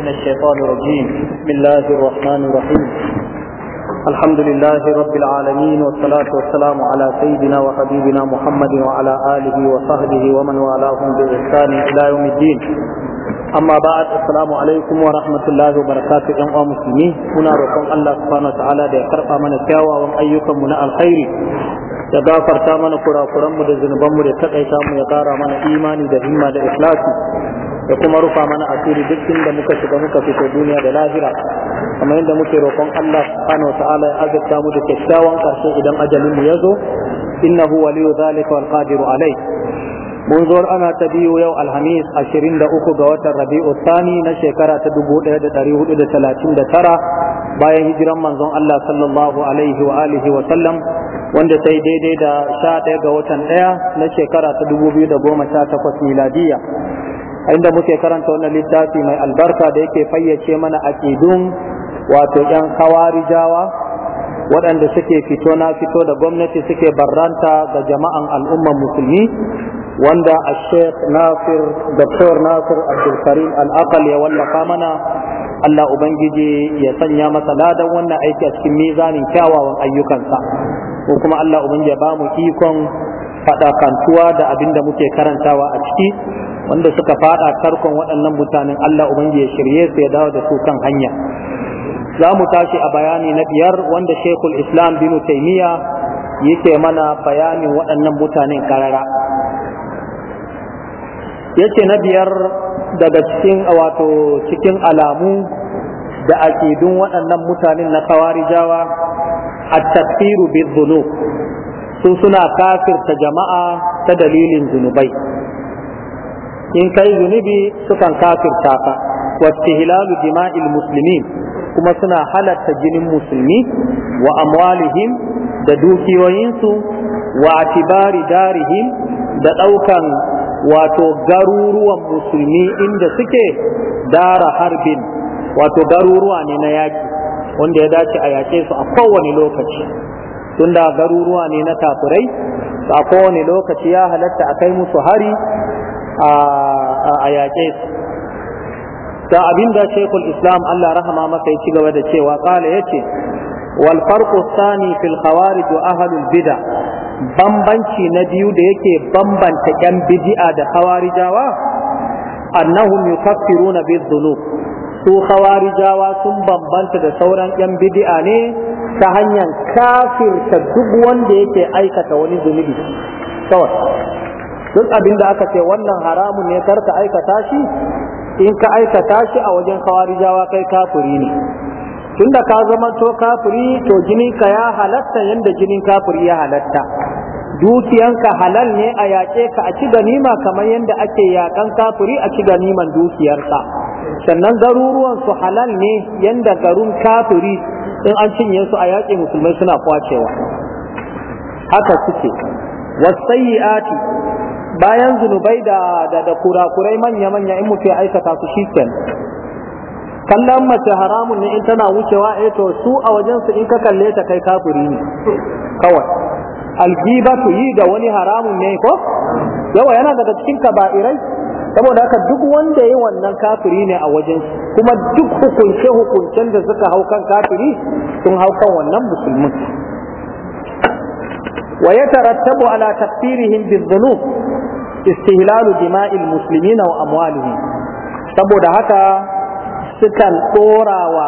من الشيطان الرجيم بسم الله الرحمن الرحيم الحمد لله رب العالمين والصلاة والسلام على سيدنا وحبيبنا محمد وعلى آله وصحبه ومن والاهم بإحسان إلى يوم الدين amma ba a assalamu alaikum wa rahmatullahi wa barakatuh yan uwa musulmi muna roƙon Allah subhanahu wa ta'ala da ya karɓa mana kyawawan ayyukan mu na alkhairi ya gafarta mana kurakuranmu da zunubanmu mu da takaita mu ya ƙara mana imani da himma da ikhlasi da kuma rufa mana asiri duk inda muka shiga muka fito duniya da lahira kamar yadda muke roƙon Allah subhanahu wa ta'ala ya azabta mu da kyakkyawan karshe idan ajalin mu ya zo innahu waliyu zalika wal qadiru alai mun zo ana ta biyu yau alhamis 23 ga watan rabi'u thani na shekara ta 1439 bayan hijiran manzon Allah sallallahu alaihi wa alihi wa sallam wanda sai daidai da 11 ga watan 1 na shekara ta 2018 miladiya inda muke karanta wannan littafi mai albarka da yake fayyace mana aƙidun wato 'yan kawarijawa waɗanda suke fito na fito da gwamnati suke barranta ga jama'an al'ummar musulmi wanda a sheikh nasir dr nasir abdulkarim al'aqal ya wallafa mana allah ubangiji ya sanya masa ladan wannan aiki a cikin mizanin kyawawan ayyukansa ko kuma allah ubangiji ya ba mu ikon faɗakantuwa da abin da muke karantawa a ciki wanda suka fada tarkon waɗannan mutanen Allah ubangiji ya shirye su ya dawo da su kan hanya za mu tashi a bayani na biyar wanda shekul islam binu taimiya yake mana bayanin waɗannan mutanen karara yace na biyar daga cikin wato cikin alamu da akidun waɗannan mutanen na kawarijawa a takfiru bi su suna kafirta jama'a ta dalilin zunubai in kai zunubi sukan kafirta ka wastihlalu jima'il muslimin kuma suna halatta jinin musulmi wa amwalihim da dukiyoyinsu wa atibari darihim da daukan wato garuruwan musulmi inda suke dara harbin wato garuruwa ne na yaki wanda ya dace a yake su a kowane lokaci tunda garuruwa ne na kafirai a kowane lokaci ya halatta a kai musu hari a yaƙe su ta da shekul islam allah rahama masa ya ci gaba da cewa kala ya ce wal sani fil khawarij wa ahlul bid'a bambanci na biyu da yake bambanta yan bidi'a da khawarijawa annahum yukaffiruna bidh-dhunub su khawarijawa sun bambanta da sauran yan bidi'a ne ta hanyar kafirta duk wanda yake aikata wani zunubi kawai duk abin da aka ce wannan haramun ne kar ka aikata shi in ka aikata shi a wajen kawarijawa kai kafuri ne tunda ka zama to kafuri to jininka ya halatta yanda jinin kafuri ya halatta dukiyanka halal ne a yaƙe ka a ci ganima kamar yadda ake yaƙan kafuri a ci ganiman dukiyarka sannan garuruwan su halal ne yadda garin kafuri in an cinye su a yaƙe musulmai suna kwacewa haka suke wasayyi'ati bayan zunubai da da da kurakurai manya-manya in mutu aikata su shiken kallon mace haramun ne in tana wucewa eh to su a wajen su in ka kalle ta kai kafiri ne kawai algibatu yi ga wani haramun ne ko yawa yana daga cikin kaba'irai saboda haka duk wanda ya wannan kafiri ne a wajen kuma duk hukunce hukuncen da suka hau kan kafiri sun hau kan wannan musulmin wa ya ala takfirihim bizunub istihlalu dima'il muslimina wa amwalihim saboda haka sukan ɗorawa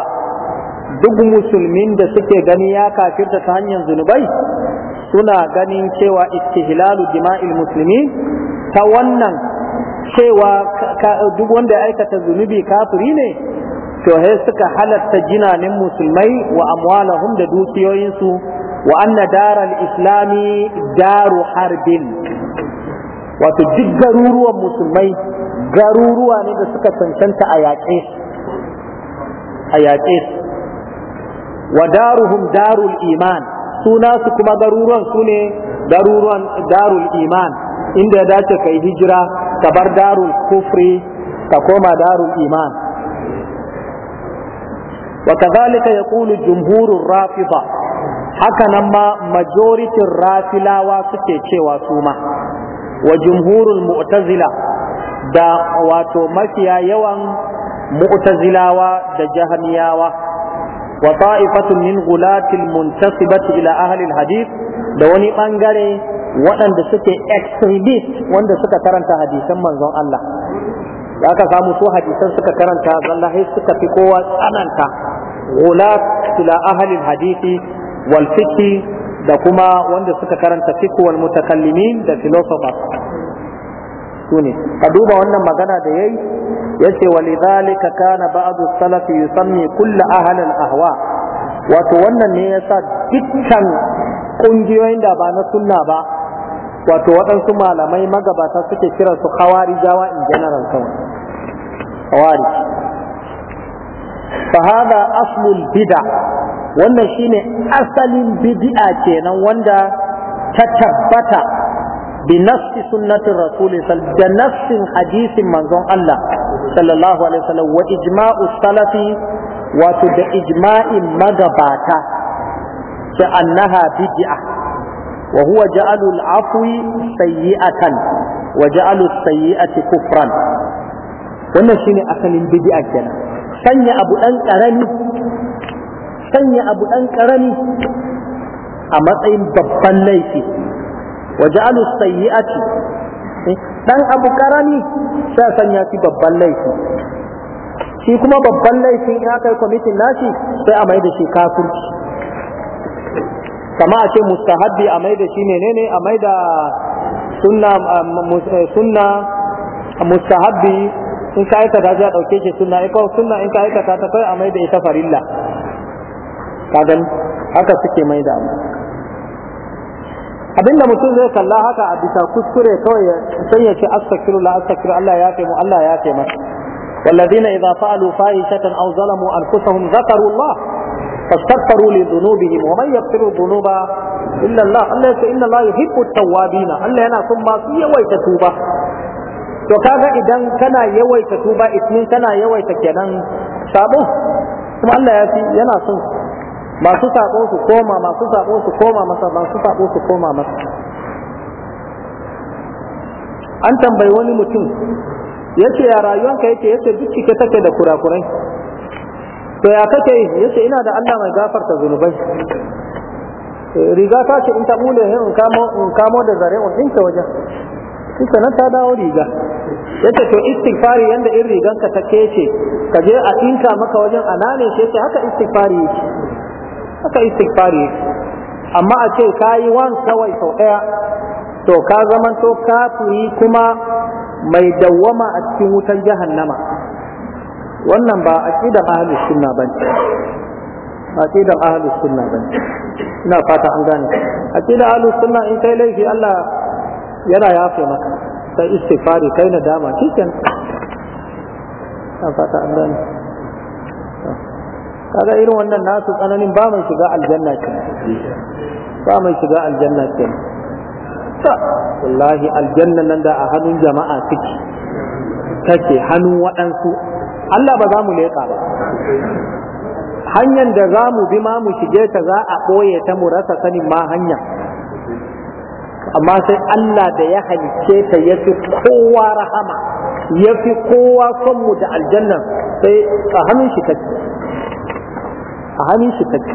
duk musulmin da suke gani ya kafirta ta hanyar zunubai suna ganin cewa istihlalu dima'il muslimin ta wannan cewa duk wanda aikata zunubi kafiri ne to sai suka halatta jinanin musulmai wa amwalahum da dukiyoyinsu wa anna daral islami daru harbin wato duk garuruwan musulmai garuruwa ne da suka cancanta a yaƙe a yaƙe wa daruhum darul iman suna su kuma garuruwan su ne garuruwan darul iman inda ya dace kai hijira ka bar darul kufri ka koma darul iman wa kadhalika yaqulu jumhurur rafida haka nan ma majoritin rafilawa suke cewa wa jumhurul mu'tazila da wato mafiya yawan mu'tazilawa da jahmiyawa wa ta'ifatun min gulatil muntasibati ila ahli da wani bangare waɗanda suke extremist wanda suka karanta hadisan manzon Allah da aka samu su hadisan suka karanta zallahi suka fi kowa tsananta gulat ila ahli hadisi wal fiqh da kuma wanda suka karanta fiqhul mutakallimin da philosophers ne. ka duba wannan magana da yayi yace walidhalika kana ba'd as yusammi kull ahli al-ahwa wato wannan ne yasa dukkan kungiyoyin da ba na sunna ba wato waɗansu malamai magabata suke kiransu su khawarijawa in general kawai khawarij fa hada aslul bid'ah wannan shine asalin bid'a kenan wanda ta tabbata bi nafsi sunnati rasul da nafsin hadisin manzon Allah sallallahu alaihi wasallam wa ijma'u salafi wato da ijma'in magabata ta annaha bid'a wa huwa ja'alu al-afwi sayyi'atan wa ja'alu as-sayyi'ati kufran wannan shine asalin bid'a kenan sanya abu dan karami sanya abu ɗan ƙarami a matsayin babban laifi wa ja'alu sayyi'ati dan eh, abu ƙarami sai sanya shi babban laifi shi kuma babban laifi in aka yi kwamitin nashi sai a mai da shi kafirci kama a ce mustahabbi a mai da shi menene a mai da sunna um, eh, sunna mustahabbi in ka aikata za a ɗauke shi sunna in ka aikata ta kai a mai da ita farilla kagan haka suke mai da mu abinda mutum zai kalla haka a bisa kuskure kawai sai ya ce la, astaghfirullah Allah ya taimu, Allah ya mu والذين إذا فعلوا فاحشة أو ظلموا أنفسهم ذكروا الله فاستغفروا لذنوبهم ومن يغفر الذنوب إلا الله الله إن الله يحب التوابين الله هنا ثم يويت توبة to kaga idan kana yawaita tuba itnin kana yawaita kenan sabo kuma Allah ya fi masu saƙo su koma masu saƙo su koma masa masu saƙo su koma masa an tambayi wani mutum Ya ce ya rayuwanka yake ce duk cike take da kurakurai to ya kake yace ina da Allah mai gafarta zunubai riga ta ce in ta bule in kamo in kamo da zare in ɗinka wajen in nan ta dawo riga Ya ce to istighfari yanda in riganka ta kece ka je a ɗinka maka wajen a anane ce haka istighfari yake haka istighfari amma a ce ka yi wan kawai sau ɗaya to ka zama zamanto kafiri kuma mai dawwama a cikin wutan jahannama wannan ba aqidan ahlus sunna bane aqidan ahlus sunna bane ina fata an gane A da ahlus sunna in kai laifi Allah yana yafe maka sai istighfari kai na dama, shikenan ina fata an gane kaga irin wannan nasu tsananin ba mai shiga aljanna ce ba mai shiga aljanna ce ta wallahi aljanna nan da a hannun jama'a suke take hannun waɗansu Allah ba za mu leƙa ba hanyar da za mu bi ma mu shige ta za a ɓoye ta mu rasa sanin ma hanya amma sai Allah da ya halicce ta ya fi kowa rahama ya fi kowa son mu da aljanna sai a hannun shi take a hannun shi take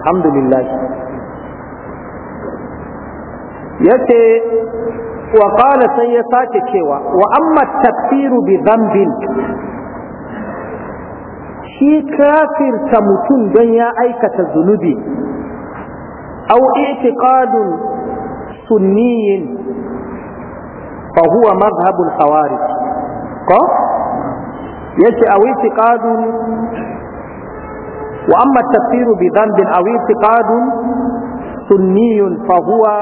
alhamdulillah yace wa qala sai ya sake cewa wa amma takfiru bi dhanbin shi kafirta mutum don ya aikata zunubi au i'tiqadun sunniyin fa huwa madhhabul khawarij ko yace a witiqadun wa amma tafsiru bi dhanbin aw witiqadun sunniyun fa huwa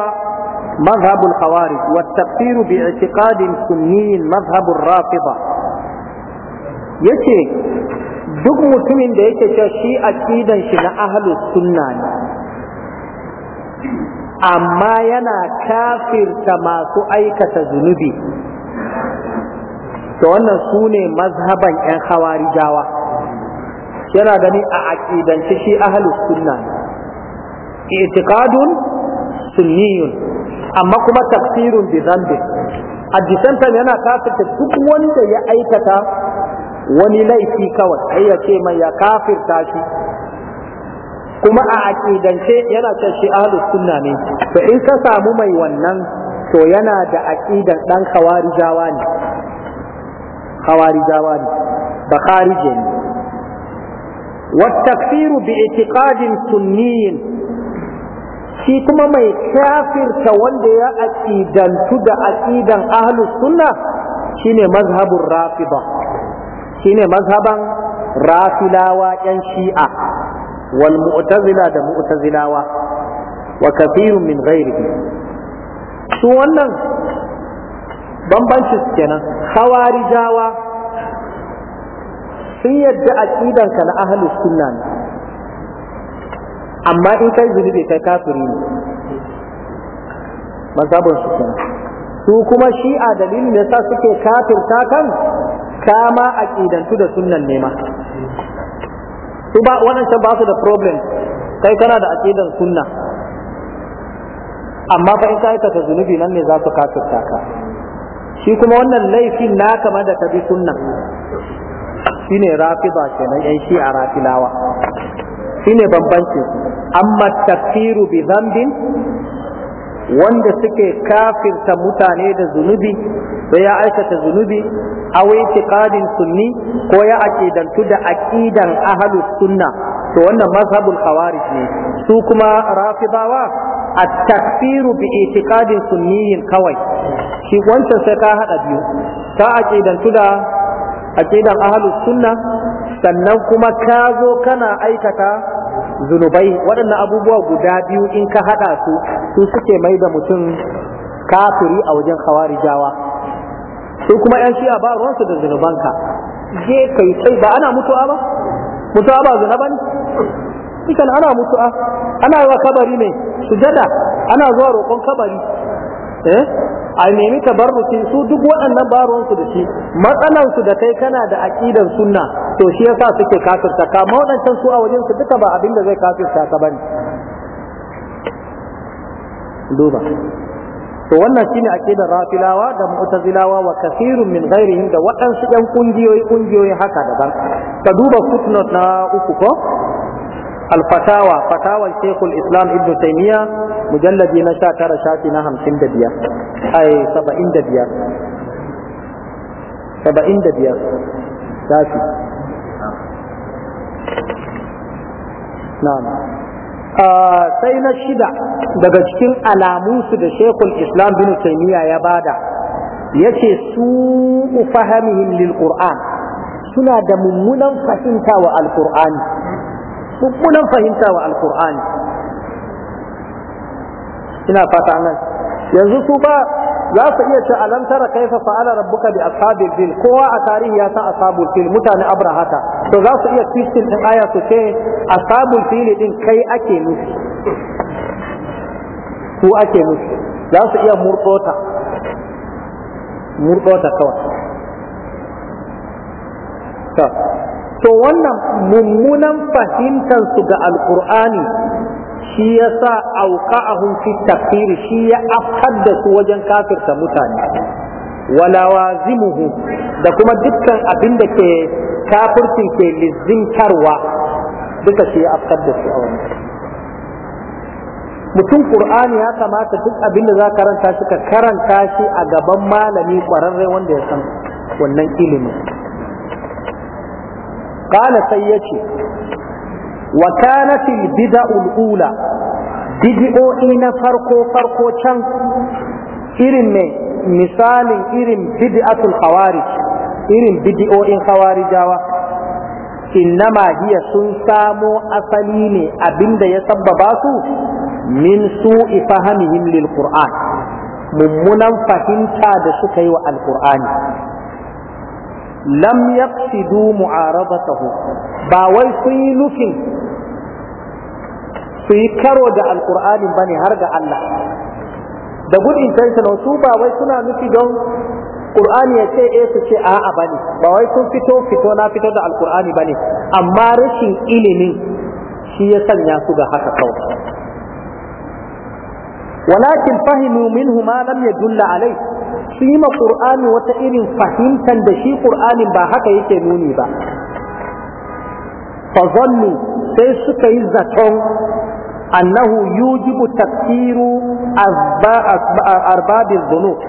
مذهب الخوارج والتفسير باعتقاد سني مذهب الرافضة يتي duk mutumin da yake cewa shi aqidan shi na ahlus sunna ne amma yana kafirta masu aikata zunubi to wannan su ne mazhaban 'yan jawa yana gani a aƙidance shi ahalus sunna itiqadun sunniyun amma kuma tafsirun bi zambi a yana kafirta duk wanda ya aikata wani laifi kawai ai ya ce mai ya kafirta shi kuma a aƙidance yana ta shi ahalus sunna ne to in ka samu mai wannan to yana da aƙidan ɗan hawarijawa ne khawarijawa ne ba kharije ne wa takfiru bi i'tiqadin sunniyin shi kuma mai kafirta wanda ya aqidantu da aqidan ahlus sunna shine mazhabur rafida shine mazhaban rafilawa yan shi'a wal mu'tazila da mu'tazilawa wa kafirun min ghairihi su wannan bambanci kenan jawa sun yadda ƙidanka na ahlus sunna ne amma in kai zunubi kai kafiri ne mazabin su kenan su kuma shi a dalilin da sa suke ta kan kama a ƙidantu da sunnan ne ma su ba waɗancan ba su da problem kai kana da aƙidan sunna amma fa in ka aikata zunubi nan ne za su ta ka shi kuma wannan laifin na kama da tabi sunnan shi ne ke nan yan shi a rafilawa shi ne bambanci amma tafiru bi zambin wanda suke kafirta mutane da zunubi da ya aikata zunubi a wai sunni ko ya aƙidantu da aƙidan ahalus sunna to wannan mazhabul khawarij ne su kuma rafidawa at takfiru bi itiqadin sunniyin kawai shi wancan sai ka haɗa biyu ka aƙidantu da aƙidan ahalus sunna sannan kuma ka zo kana aikata zunubai waɗannan abubuwa guda biyu in ka haɗa su su suke mai da mutum kafiri a wajen khawarijawa su kuma yan a ba ruwansu da zunubanka je kai sai ba ana mutuwa ba mutuwa ba ba ne ikan ana mutuwa ana yi wa kabari ne sujada ana zuwa roƙon kabari eh a nemi tabarruki su duk waɗannan baruwansu da shi matsalansu da kai kana da aƙidar sunna to shi yasa suke kafirta ka ma su a wajen su duka ba abin da zai kafirta ka bane duba to wannan shine aqidar rafilawa da mu'tazilawa wa kathirun min ghairihim da waɗansu yan kungiyoyi kungiyoyi haka daban ka duba footnote na uku ko الفتاوى فتاوى الشيخ الإسلام ابن تيمية مجلد نشا ترى شاتنا هم سندبيا أي سبعين دبيا سبعين دبيا شافي نعم sai na shida daga cikin alamunsu da shekul islam bin taimiyya ya bada ya ce su fahimihim lil suna da mummunan fahimta wa alƙur'ani mummunan fahimta wa alkur'ani ina fata nan yanzu su ba za su iya ce alam tara kaifa fa'ala rabbuka bi ashabil fil kowa a tarihi ya san ashabul fil mutane abrahata to za su iya twistin din aya su ce ashabul fil din kai ake nufi ku ake nufi za su iya murdota murdota kawai to wannan mummunan fahimtar su ga alkur'ani shi ya sa auqa'ahum fi takfir shi ya afkar da su wajen kafirta mutane walawa zimuhu da kuma dukkan abin da ke kafircin ke lizintarwa duka shi ya afkar da su a wani mutum ƙur'ani ya kamata duk abin da za karanta shi ka karanta shi a gaban malami ƙwararre wanda ya san wannan ilimin Kale sai yace wa kanat al bid'ul ula bid'o'i na farko farko can irin ne misalin irin bid'atul khawarij irin bid'o'in khawarijawa innama hiya sun samo asali ne abinda ya sabbaba su min su'i fahimihim lil qur'an mummunan fahimta da suka yi wa alqur'ani lam yaqsidu mu'arabatahu ba wai sun yi nufin su yi karo da alkur'anin ne har ga Allah da good intention su ba wai suna nufi don Qur'ani ya ce 'e su ce a'a bane ba wai sun fito fito na fito da alkur'ani bane amma rashin ilimin shi ya sanya su ga haka kawai walakin fahimu minhu ma lam yadulla alai su yi ma qur'ani wata irin fahimtar da shi qur'anin ba haka yake nuni ba fa zannu sai suka yi zaton annahu yujibu tafsiru arbabil dhunub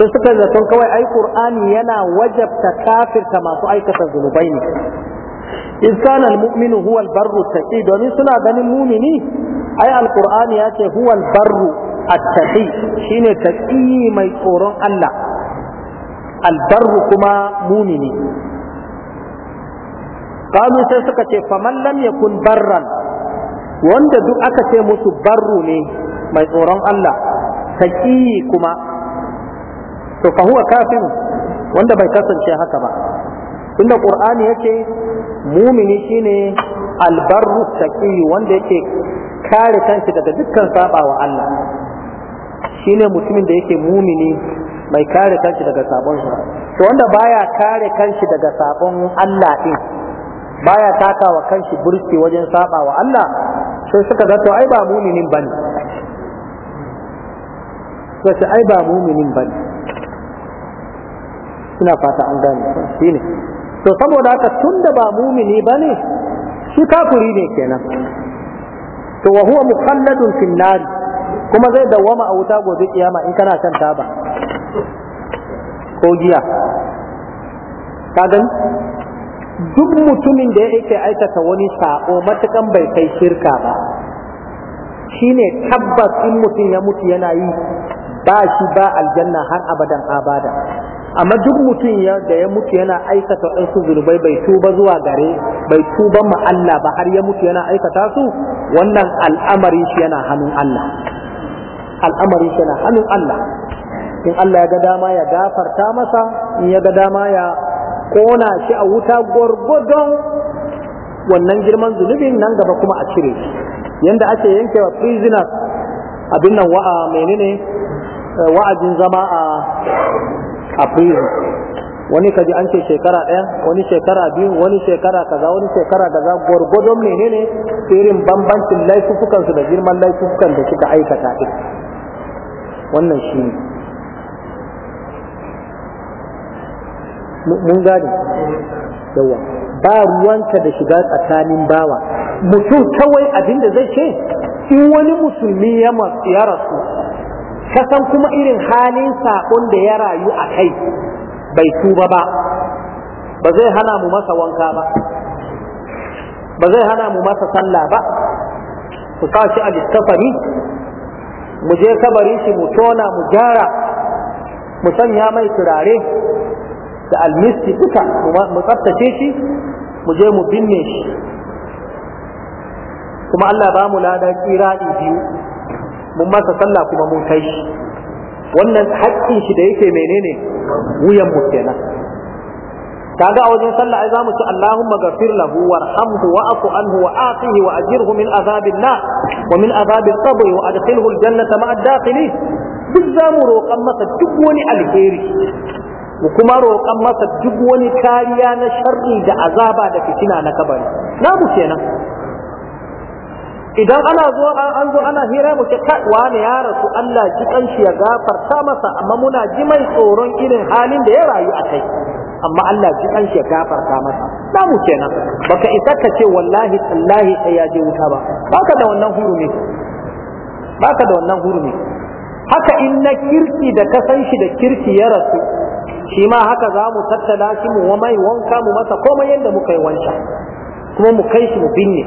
sai suka yi zaton kawai ai qur'ani yana wajabta kafirta masu aikata zunubai ne إذ كان المؤمن هو البر التقي domin suna ganin mumini ai alqur'ani yace huwal barru attahi shine taqi mai tsoron Allah albarru kuma mumini qalu sai suka ce faman lam yakun barran wanda duk aka ce musu barru ne mai tsoron Allah taqi kuma to fa huwa kafir wanda bai kasance haka ba inda qur'ani yake mumini shine albarru taqi wanda yake kare kanshi daga dukkan saba wa Allah shine mutumin da yake mumini mai kare kanshi daga sabon sa? to wanda baya kare kanshi daga sabon Allah din baya taka wa kanshi burki wajen saba wa Allah sai suka zato ai ba muminin bane sai ai ba muminin bane ina fata an gane shine to saboda haka tunda ba mumini bane shi kafiri ne kenan to wa huwa mukhalladun fil nar kuma zai dawwama a wuta gobe kiyama in kana kan taba ko giya ka gani duk mutumin da yake aikata wani sako matukan bai kai shirka ba shine tabbas in mutum ya mutu yana yi ba shi ba aljanna har abadan abada amma duk mutum da ya mutu yana aikata waɗansu zunubai bai tuba zuwa gare bai tuba ma Allah ba har ya mutu yana aikata su wannan al'amarin shi yana hannun Allah al'amari shana hannun Allah in Allah ya ga dama ya gafarta masa in ya ga dama ya kona shi a wuta gwargwadon wannan girman zunubin nan gaba kuma a cire shi yanda ake yankewa prisoners abin nan wa'a menene eh, wa'ajin zama a a prison wani kaji an ce shekara ɗaya wani shekara biyu wani shekara kaza wani shekara kaza gwargwadon menene irin bambancin laifukansu da girman laifukan da suka aikata ɗin wannan shi ne mun gane yawa ba ruwanka da shiga tsakanin bawa mutum kawai abinda zai ce in wani musulmi ya rasu kasan kuma irin halin saƙon da ya rayu a kai bai tuba ba ba zai hana mu masa wanka ba ba zai hana mu masa sallah ba ku kashi shi a littafari mu je kabarin shi mu tona mu gyara mu sanya mai turare da almisti duka mu tsaftace shi mu je mu binne shi kuma Allah ba mu lada kira biyu mun masa sallah kuma mun kai shi wannan haƙƙin shi da yake menene wuyan mu kenan kaga a wajen sallah ai zamu ci Allahumma ghafir lahu warhamhu wa'fu anhu wa atihi wa ajirhu min azabil nar wa min azabil qabr wa adkhilhu aljannata ma'a dakhili duk zamu roƙan masa duk wani alheri mu kuma roƙan masa duk wani kariya na sharri da azaba da fitina na kabari namu kenan idan ana zo an zo ana hira mu ce wani ya rasu Allah ji kanshi ya gafarta masa amma muna ji mai tsoron irin halin da ya rayu a kai amma Allah ji an shi gafarta masa namu kenan baka isa ka ce wallahi tallahi sai ya je wuta ba baka da wannan hurumi baka da wannan hurumi haka in na kirki da ka san shi da kirki ya rasu shi ma haka za mu tattala shi mu wa mai wanka mu masa komai yadda muka yi wancan kuma mu kai shi mu binne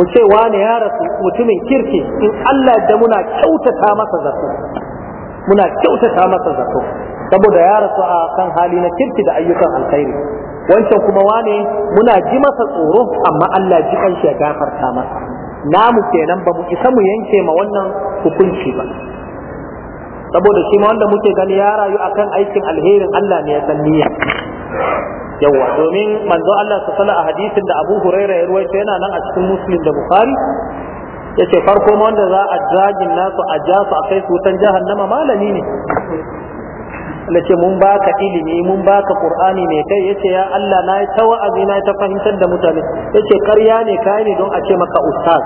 mu ce wane ya rasu mutumin kirki in Allah da muna kyautata masa zato muna kyautata masa zato saboda ya rasu a kan hali na kirki da ayyukan alkhairi wancan kuma wane muna ji masa tsoro amma Allah ji kanshi ya gafarta masa namu kenan ba mu isa mu yanke ma wannan hukunci ba saboda shi ma wanda muke gani ya rayu akan aikin alherin Allah ne ya san niyya yawa domin manzo Allah su sana a hadisin da Abu Huraira ya ruwaito yana nan a cikin Muslim da Bukhari yace farko ma wanda za a jagin nasu a ja su a kai su wutan jahannama malami ne Allah ce mun baka ilimi mun baka Qur'ani ne kai yace ya Allah na yi ta wa'azi na ta fahimtar da mutane yace karya ne kai ne don a ce maka ustaz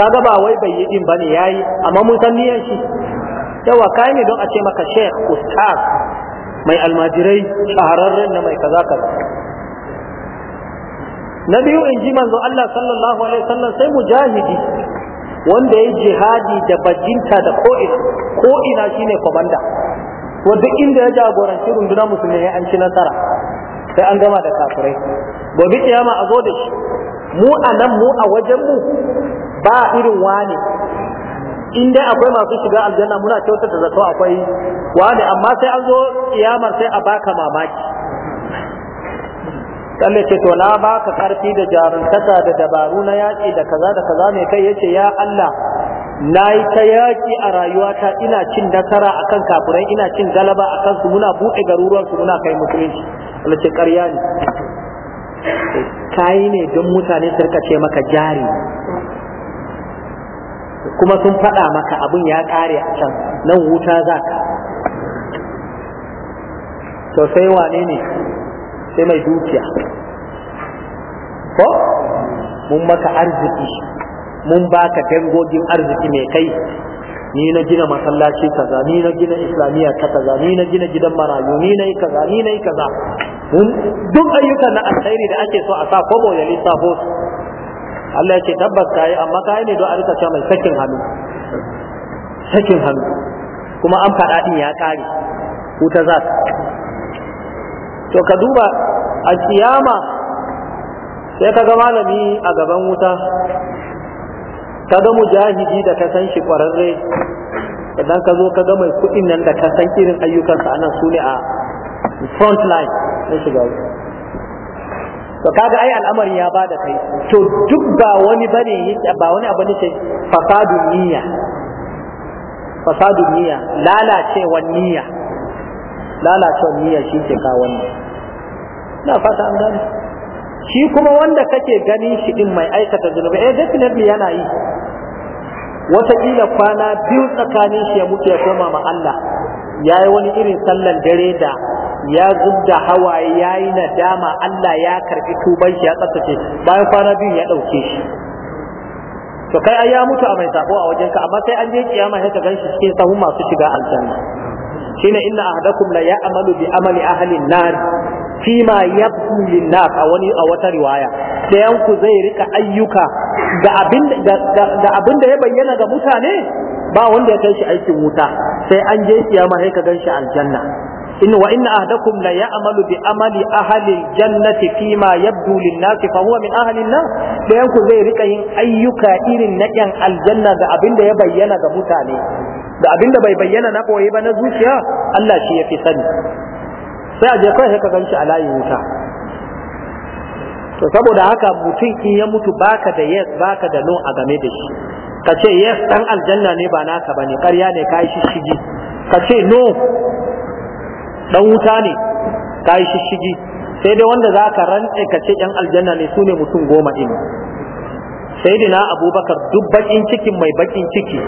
kaga ba wai bai yi din bane yayi amma mun san niyan shi yawa kai ne don a ce maka sheikh ustaz mai almajirai shahararren na mai kaza kaza na biyu in ji manzo Allah sallallahu alaihi wasallam sai mujahidi wanda ya jihadi da bajinta da ko'ina ko'ina shine komanda to inda ya jagoranci rundunar musulmi ya an ci nasara sai an gama da kafirai gobe kiyama a zo da shi mu a nan mu a wajen mu ba irin wani in dai akwai masu shiga aljanna muna da zato akwai wani amma sai an zo kiyamar sai a baka mamaki kalle ce to na baka karfi da jaruntaka da dabaru na yaƙi da kaza da kaza ne kai yace ya Allah na yi ta yaƙi a rayuwata ina cin nasara a kan kafirai ina cin galaba a kansu muna buɗe garuruwarsu muna kai musulunci Wani ce ƙarya ne yi ne don mutane su ce maka jari kuma sun faɗa maka abin ya ƙare a can nan wuta za ka sosai wane ne sai mai dukiya ko mun maka arziki mun baka tangogin arziki mai kai ni na gina masallaci kaza ni na gina islamiyya ka kaza ni na gina gidan marayu ni na yi kaza ni na yi kaza duk ayyukan na alkhairi da ake so a sa kobo ya lissafo su Allah ya ce tabbas yi, amma yi ne don a rika mai sakin hannu sakin hannu kuma an fada din ya ƙare wuta za to ka duba a kiyama sai ka ga malami a gaban wuta kaga mujahidi da ka san shi kwararre idan ka zo kaga mai kuɗin nan da ka san irin ayyukansa anan su ne a front line na shiga to kaga ai al'amari ya bada kai to duk ba wani bane ba wani abu ne fasadun niyya fasadu niyya lalacewar niyya lalacewar niyya shi ke kawo wannan na fata an gane shi kuma wanda kake gani shi din mai aikata zunubi eh definitely yana yi wata wataƙila kwana biyu tsakanin shi ya mutu ya koma ma Allah ya yi wani irin sallan dare da ya zubda hawaye ya yi dama Allah ya karɓi tuban shi ya tsaftace bayan kwana biyu ya ɗauke shi to kai ai ya mutu a mai sabo a wajenka amma sai an je kiyama sai ka ganshi cikin sahun masu shiga aljanna shine inna ahadakum la ya'malu bi amali ahli an-nar fima yabdu linnas a wani a wata riwaya dayan zai rika ayyuka da abin da ya bayyana ga mutane ba wanda ya kai shi aikin wuta sai an je kiyama sai ka gan shi aljanna in wa inna ahdakum la ya'malu bi amali ahli jannati fima yabdu linnas fa huwa min ahli nar zai rika yin ayyuka irin na aljanna da abin da ya bayyana ga mutane da abin da bai bayyana na koyi ba na zuciya Allah shi ya fi sani sai a je kawai sai ka a layin wuta to saboda haka mutum in ya mutu baka da yes baka da no a game da shi ka ce yes dan aljanna ne ba naka bane ƙarya ne ka yi shishigi ka ce no dan wuta ne ka yi shishigi sai dai wanda za ka rantse ka ce yan aljanna ne su ne mutum goma sai dina abubakar duk baƙin cikin mai baƙin ciki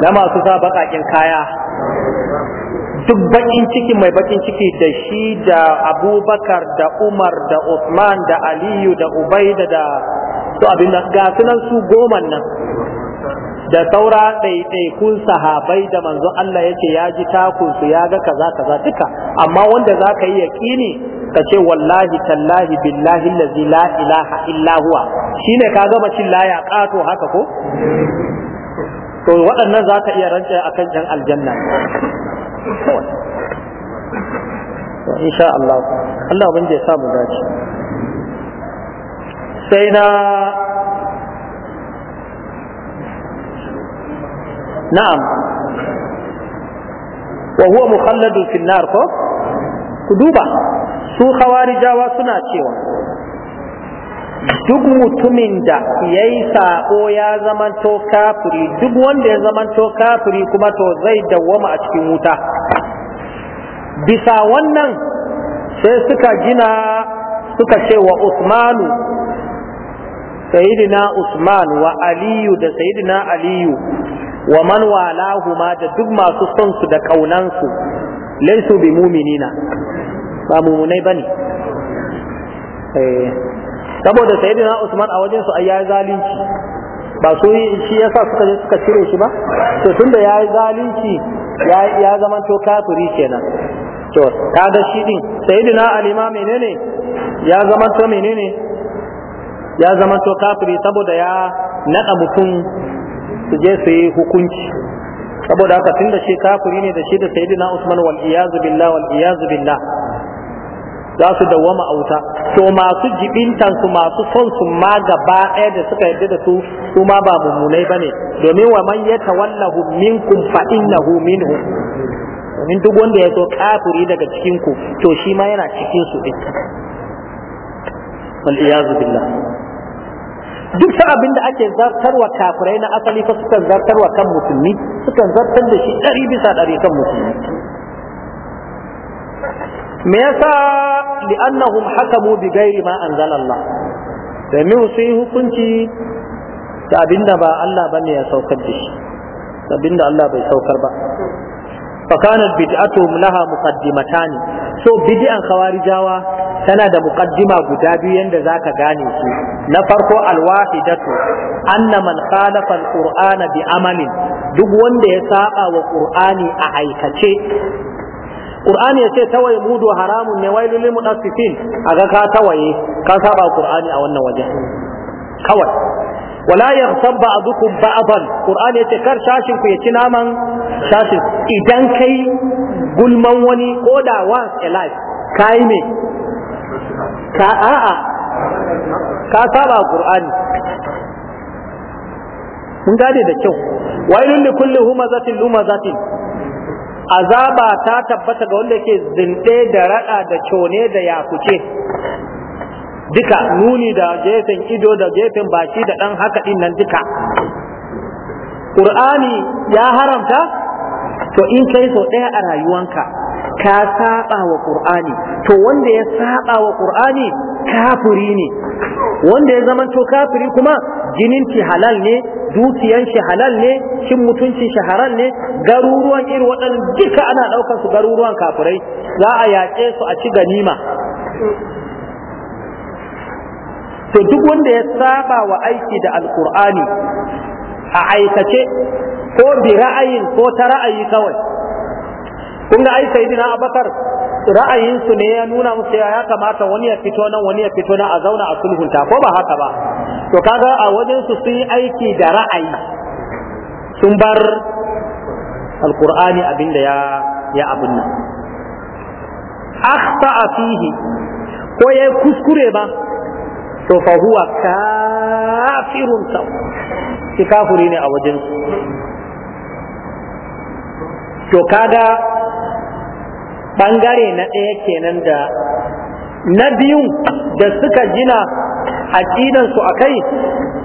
na masu sa bakakin kaya duk bakin ciki mai bakin ciki da shi da abubakar da umar da usman da aliyu da ubaida da su abin da ga sunan su goman nan da saura ɗaiɗaikun sahabai da manzo Allah yake ya ji takunsu ya ga kaza kaza duka amma wanda za ka yi yaƙini ka ce wallahi tallahi billahi lazi la ilaha illa huwa shine ka gama cin laya ƙato haka ko to waɗannan za ka iya rantsa akan jan aljanna insha Allah Allah ban ya samu dace sai na na'am wa huwa mukhalladu fil nar ko ku duba su khawarijawa suna cewa duk mutumin da ya yi saƙo ya zamanto kafiri duk wanda ya zamanto kafiri kuma to zai dawwama a cikin wuta bisa wannan sai suka gina suka ce wa usmanu sayidina usman wa aliyu da sayidina aliyu wa man walahuma da duk masu son su da kaunansu laisu bi muminina ba mumunai bane eh, saboda sayyidina Usman a wajen su ai zalunci ba su shi yasa suka je suka cire shi ba to tunda yayi zalunci ya ya zaman to kafiri kenan to da shi din sayyidina alima menene ya zama to menene ya zama to kafiri saboda ya naɗa mutum su je su yi hukunci saboda haka tun da shi kafiri ne da shi da sayyidina usman wal iyazu billah wal iyazu billah za su dawwama auta to masu jibintan su masu son su ma gaba ɗaya da suka yarda da su su ma ba mummunai bane domin wa man yatawallahu minkum fa innahu minhum domin duk wanda ya zo kafiri daga cikin ku to shi ma yana cikin su din wal iyazu billah duk sa abin da ake zartarwa kafirai na asali fa sukan zartarwa kan musulmi sukan zartar da shi ɗari bisa ɗari kan musulmi me yasa li'annahum hakamu bi ghairi ma anzalallah domin su yi hukunci da abinda ba Allah bane ya saukar da shi abinda Allah bai saukar ba fa kanat Mulaha laha muqaddimatan so bid'an khawarijawa tana da muqaddima guda biyu yanda zaka gane su na farko alwahidatu anna man khalafa alqur'ana bi amalin duk wanda ya saba wa qur'ani a aikace Qur'ani ya ce tawaye mudu haramun ne wailul lil mudaffifin aga ka tawaye ka saba Qur'ani a wannan waje kawai wala yaghtab ba'dukum ba'dan Qur'ani ya ce kar sashinku ya ci naman shafi idan kai gulman wani ko da once a life kai me ka a'a ka saba qur'ani mun gane da kyau wailun li kulli humazatin lumazatin azaba ta tabbata ga wanda yake zinde da rada da cone da yakuce duka nuni da gefen ido da gefen baki da dan haka din nan duka qur'ani ya haramta to in kai sau ɗaya a rayuwanka ka saba wa qur'ani to wanda ya saba wa qur'ani kafiri ne wanda ya zama to kafiri kuma jinin ki halal ne dukiyan shi halal ne cin mutuncin shi haram ne garuruwan irin waɗannan duka ana ɗaukar su garuruwan kafirai za a yaƙe su a ci ganima to duk wanda ya saba wa aiki da alkur'ani a aikace ko bi ra'ayin ko ta ra'ayi kawai kun ga ai sayyidina abakar ra'ayinsu ne ya nuna musu ya kamata wani ya fito nan wani ya fito nan a zauna a sulhunta ko ba haka ba to kaga a wajen su sun yi aiki da ra'ayi sun bar alqur'ani abinda ya ya abun nan akhta fihi ko yayi kuskure ba to fa huwa kafirun sa kafiri ne a wajen su to kaga bangare na ɗaya kenan da na biyu da suka gina aqidansu a kai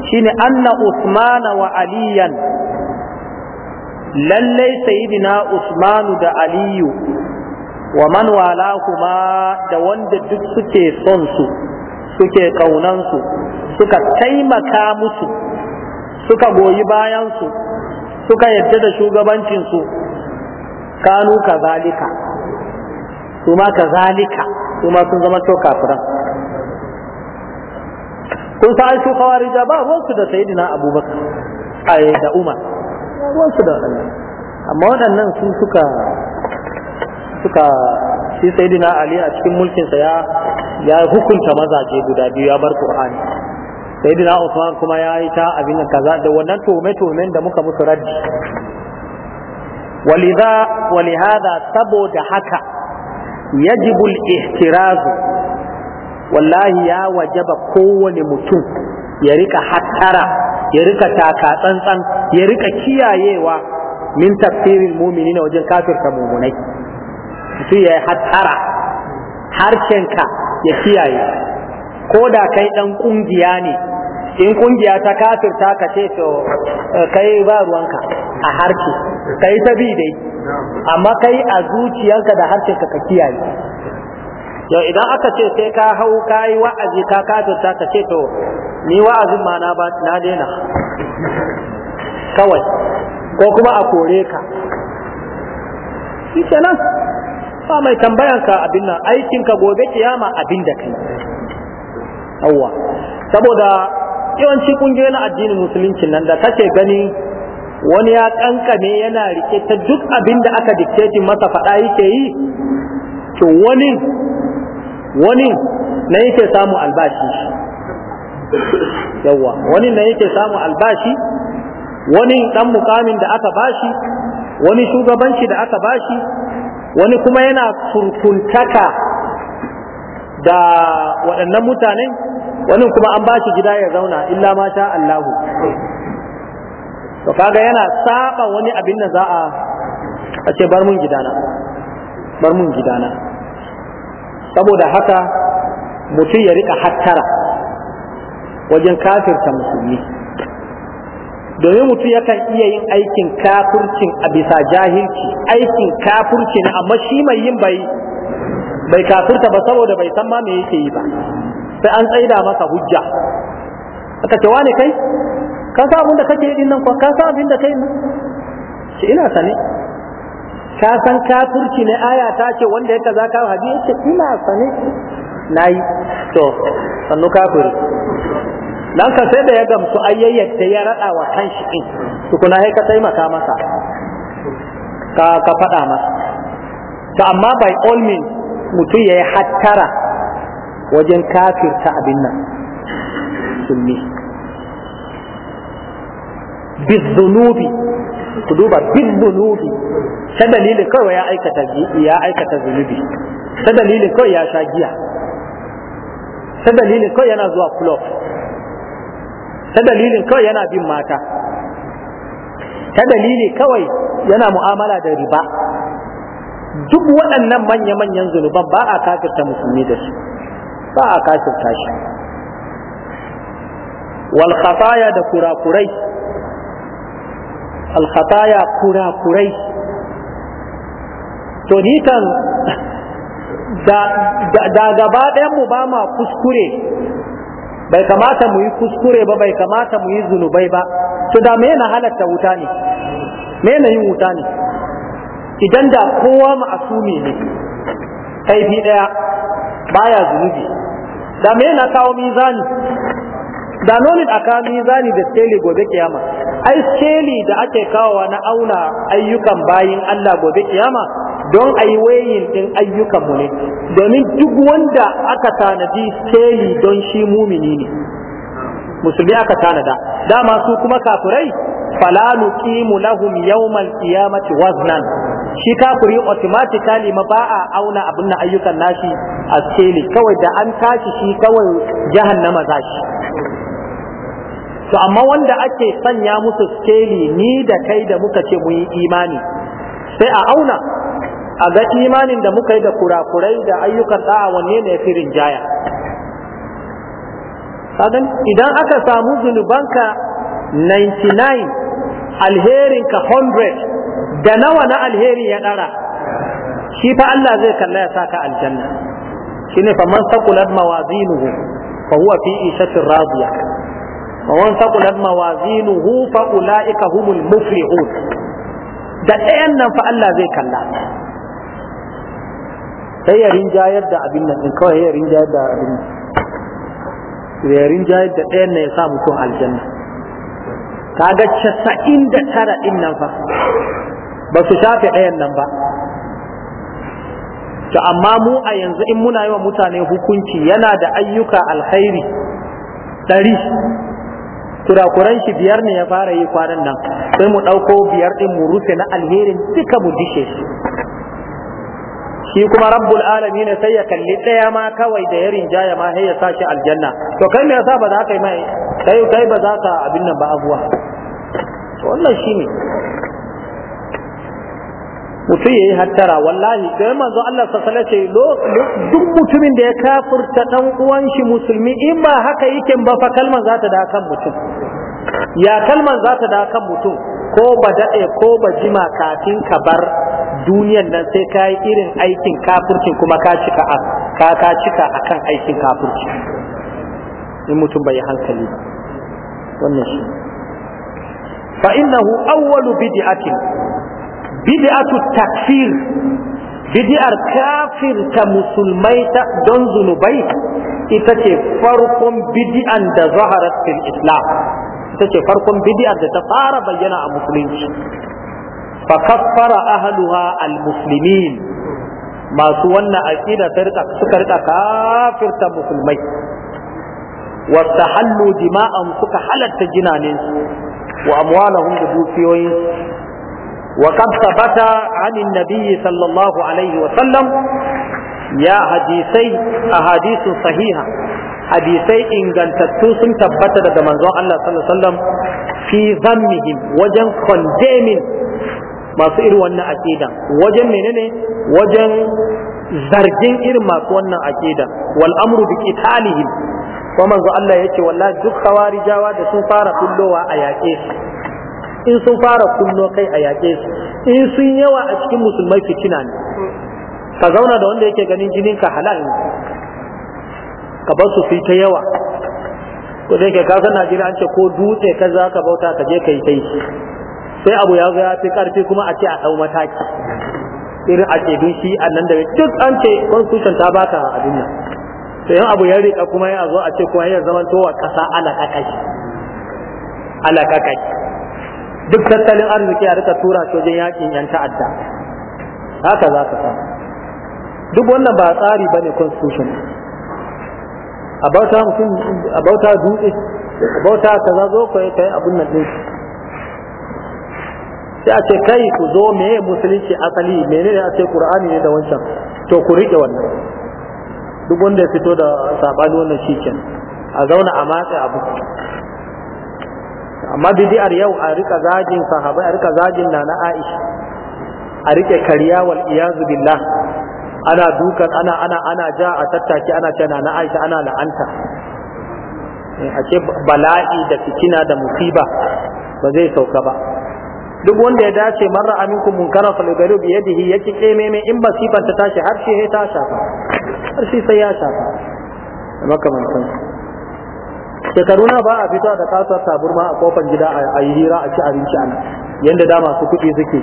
shine anna usmana wa aliyan lallai sayidina usmanu da aliyu wa man walahuma da wanda duk suke son su suke ƙaunansu suka taimaka musu suka goyi bayansu suka yarda da shugabancinsu kanu kazalika su ma kazalika su ma sun zama to kafiran kun sa su khawarija ba ruwansu da sayyidina abubakar ai da umar ruwansu da waɗannan amma waɗannan sun suka suka shi sayyidina ali a cikin mulkinsa ya ya hukunta mazaje guda biyu ya bar qur'ani sayyidina usman kuma ya yi ta abin kaza da wannan tuhume-tuhumen da muka musu raddi ولذا ولهذا سبود حكا يجب الاحتراز والله يا وجب كون متون يريك حترا يريك تاكا تنسان يريك كيا يوا من تفسير المؤمنين وجل كافر كمؤمنين في حترا harshenka يكيا يوا كودا كيدا kai dan in kungiya ta kafirta ka ce to eh, kai ba ruwanka a harshe kai ta bi dai amma kai a zuciyarka da harshen ka kiyaye To idan aka ce sai ka hau kayi wa'azi ka kafirta ka ce to ni wa'azin ma na na daina kawai ko kuma a kore ka shi kenan ba mai tambayan ka abin nan aikin ka gobe kiyama abin da kai yawa saboda yawanci kungiyoyin addinin musulunci nan da kake gani wani ya kankame yana rike ta duk abin da aka diktetin masa faɗa yake yi to wani wani na yake samu albashi yawa wani na yake samu albashi wani dan mukamin da aka bashi wani shugabanci da aka bashi wani kuma yana surkuntaka da waɗannan mutanen wani kuma an ba shi gida ya zauna illa ma sha Allahu to kaga yana saba wani abin da za a a ce bar mun gidana bar mun gidana saboda haka mutum ya rika hattara wajen kafirta musulmi domin mutum yakan iya yin aikin kafircin a bisa jahilci aikin kafirci ne amma shi mai yin bai bai kafirta ba saboda bai san ma me yake yi ba sai an tsaida masa hujja aka ce wani kai ka sa abin da kake yi nan ko ka sa abin da kai nan ce ina sane ka san kafirci ne aya ta ce wanda yake za ka hadi ce ina sane nayi to sannu kafiri dan ka sai da ya gamsu ayyayyata ya rada wa kanshi din tukuna sai ka taimaka masa ka ka faɗa masa to amma by all means mutum ya yi hattara wajen kafirta abin nan musulmi bizunubi ku duba bizunubi ta dalilin kawai ya aikata ya zunubi ta dalilin kawai ya sha giya ta dalilin kawai yana zuwa kulof, ta dalilin kawai yana bin mata ta dalili kawai yana mu'amala da riba duk waɗannan manya-manyan zunuban ba a kafirta musulmi da su ba a kashe shi wal khataya da kurakurai al khataya kurakurai to ni kan da gaba ɗayan mu ba ma kuskure bai kamata mu yi kuskure ba bai kamata mu yi zunubai ba to da me na halatta wuta ne me na yin wuta ne idan da kowa asumi ne kaifi ɗaya baya zunubi da me na kawo mizani da nomi a kawo mizani da skeli gobe kiyama ai skeli da ake kawowa na auna ayyukan bayin Allah gobe kiyama don a yi wayin din ayyukan mu ne domin duk wanda aka tanadi skeli don shi mumini ne musulmi aka tanada dama su kuma kafirai fala nuqimu lahum yawmal qiyamati waznan shi kafiri automatically ma ba a auna abin na ayyukan nashi a skeli kawai da an tashi shi kawai jahannama za shi to amma wanda ake sanya musu skeli ni da kai da muka ce mu yi imani sai a auna a ga imanin da muka yi da kurakurai da ayyukan da'a wanne ne fi rinjaya idan aka samu zunubanka 99 alherinka 100 da nawa na alheri ya dara shi fa Allah zai kalla ya saka aljanna shine fa man saqulat mawazinuhu fa huwa fi ishatin radiya fa man saqulat mawazinuhu fa ulaika humul muflihun da ɗayan nan fa Allah zai kalla sai ya rinja yadda abin nan din kawai ya rinja yadda abin ya rinja yadda ɗayan nan ya sa mutum aljanna kaga 99 din nan fa ba su shafe ɗayan nan ba to amma mu a yanzu in muna yi wa mutane hukunci yana da ayyuka alkhairi ɗari kurakuran shi biyar ne ya fara yi kwanan nan sai mu ɗauko biyar ɗin mu rufe na alherin duka mu dishe shi shi kuma rabbul alami ne sai ya kalli ɗaya ma kawai da yarin jaya ma sai ya sa shi aljanna to kai me yasa ba za ka yi mai kai kai ba za ka abin nan ba abuwa wannan shine mutum ya yi hattara wallahi da manzo Allah sallallahu alaihi duk mutumin da ya kafurta dan uwan shi musulmi in ba haka yake ba fa kalmar za ta da kan mutum ya kalmar za ta da kan mutum ko ba daɗe ko ba jima kafin ka bar duniyan nan sai ka yi irin aikin kafurkin kuma ka cika a ka akan aikin kafurki in mutum bai hankali ba wannan shi fa innahu awwalu bid'atin bid'atu takfir bid'ar kafirta musulmai ta don zunubai ita ce farkon bid'an da zaharar fil islam ita ce farkon bid'ar da ta fara bayyana a musulunci fa kaffara ahluha al muslimin masu wannan aqida suka rika kafirta musulmai wasta hallu dima'an suka halatta jinaninsu wa amwalahum da dukiyoyinsu وقد ثبت عن النبي صلى الله عليه وسلم يا حديثي أحاديث صحيحة حديثي إن قلتتو سن ثبت لدى منزوع الله صلى الله عليه وسلم في ذمهم وجن خندام ما سئل وانا أكيدا وجن منين وجن zargin irin masu wannan akida wal amru bi qitalihim kuma manzo Allah yace wallahi duk khawarijawa da sun fara kullowa a yaƙe su in sun fara kunno kai a yaƙe su in sun yawa a cikin musulmai fitina ne ka zauna da wanda yake ganin jinin ka halal ne ka bar su ta yawa ko da yake na Najeriya an ce ko dutse ka za ka bauta ka je ka yi kai sai abu ya zo ya fi karfi kuma a ce a ɗau mataki irin a ce dun shi annan da duk an ce constitution ta baka abin nan to yan abu ya rika kuma ya zo a ce kuma ya zama towa wa kasa duk tattalin arziki a rika tura sojin yakin yan ta'adda haka za ka sa duk wannan ba tsari ba ne constitution a bauta mutum a bauta dutse a bauta ka za zo ka yi abin nan ɗin sai a ce kai ku zo me musulunci asali menene a ce qur'ani ne da wancan to ku riƙe wannan duk wanda ya fito da sabani wannan shi a zauna a matsa abu amma bid'ar yau a rika zagin sahabai a rika zagin na na Aisha a rike kariya wal iyazu billah ana dukan ana ana ana ja a tattaki ana ce na Aisha ana la'anta eh, a ce bala'i da fitina da musiba ba zai sauka ba duk wanda ya dace marra aminku munkara fa lugaru bi yadihi yake kememe in ba ta tashi har shi ta shafa har shi sai ya shafa makamantan shekaru na ba a fita da kasuwar taburma a kofar gida a yi hira a ci abinci a nan yadda da masu kuɗi suke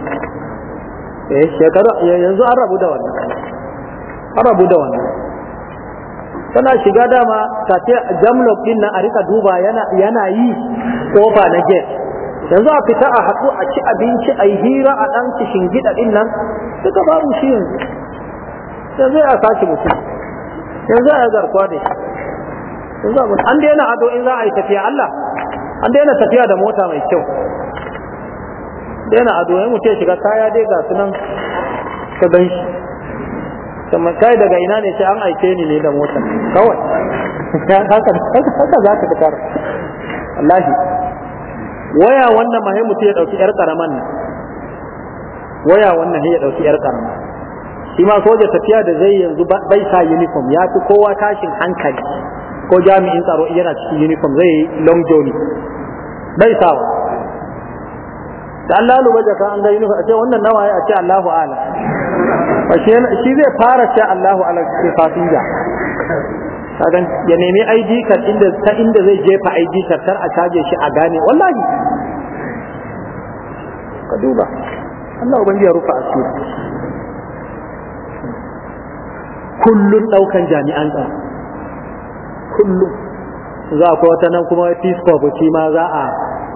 eh shekaru yanzu an rabu da wannan an rabu da wannan tana shiga dama tafi jamlok din nan a rika duba yana yana yi kofa na gate yanzu a fita a haɗu a ci abinci a yi hira a ɗan cikin gida din nan ba babu shi yanzu yanzu a sashi mutum yanzu a garkuwa da shi an daina ado in za a yi tafiya Allah an daina tafiya da mota mai kyau daina ado ya mutu ya shiga kaya dai ga sunan ka ban shi kamar kai daga ina ne sai an aike ni ne da mota kawai haka za ka fitar wallahi waya wannan ma mutu ya dauki yar karaman nan waya wannan ya dauki yar karaman shi ma soja tafiya da zai yanzu bai sa uniform ya fi kowa tashin hankali ko jami'in tsaro yana cikin uniform zai yi long journey bai sawa da Allah lu baje ka an ga uniform a ce wannan nawa ya ce Allahu ala shi zai fara ce Allahu ala cikin fasinja kagan ya nemi ID card inda ta inda zai jefa ID card kar a kaje shi a gane wallahi ka duba Allah ubangi ya rufa asiri kullun daukan jami'an tsaro kullum za ku wata nan kuma peace corps ma za a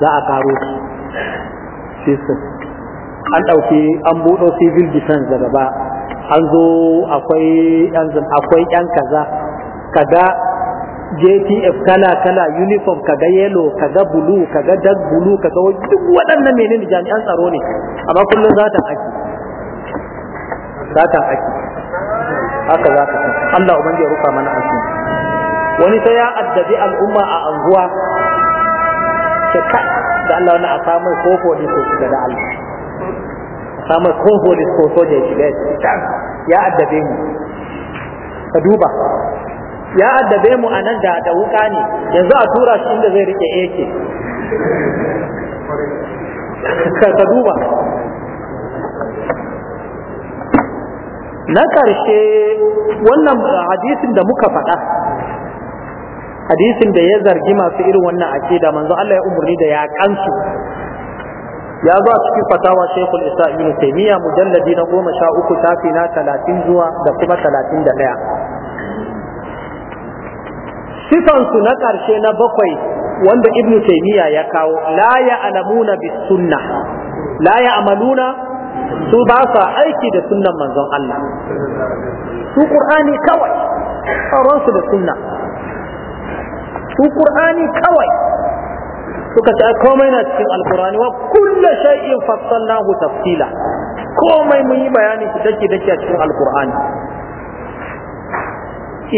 za a karo an ɗauki an buɗo civil defense daga ba an zo akwai ƴan akwai kaza kaga JTF kala kala uniform kaga yellow kaga blue kaga dark blue kaga duk waɗannan menene jami'an tsaro ne amma kullum za ta ake za ta ake haka za ta Allah ubangiji ya rufa mana aiki. wani sai ya addabi al'umma a anguwa ta ka da Allah wani a samun ko ne ko shiga da Allah a samun ko ne ko soja ya shiga ya addabe mu ka duba ya addabe mu nan da da wuka ne yanzu a tura shi inda zai rike AK ka duba na ƙarshe wannan hadisin da muka faɗa hadisin da ya zargi masu irin wannan da, manzo Allah ya umarni da ya kansu ya zo a cikin fatawa Sheikhul Isa Ibn Taymiyyah mujalladi na goma sha uku tafi na talatin zuwa da kuma talatin da ɗaya. Sifansu na ƙarshe na bakwai wanda Ibn Taymiyyah ya kawo la ya alamuna bi sunna la ya su ba sa aiki da sunnan manzon Allah su Qur'ani kawai sauransu da sunna su ƙurani kawai suka ce komai na cikin alqur'ani wa kullu shay'in fassalnahu tafsila komai mun yi bayani shi dake dake a cikin alqur'ani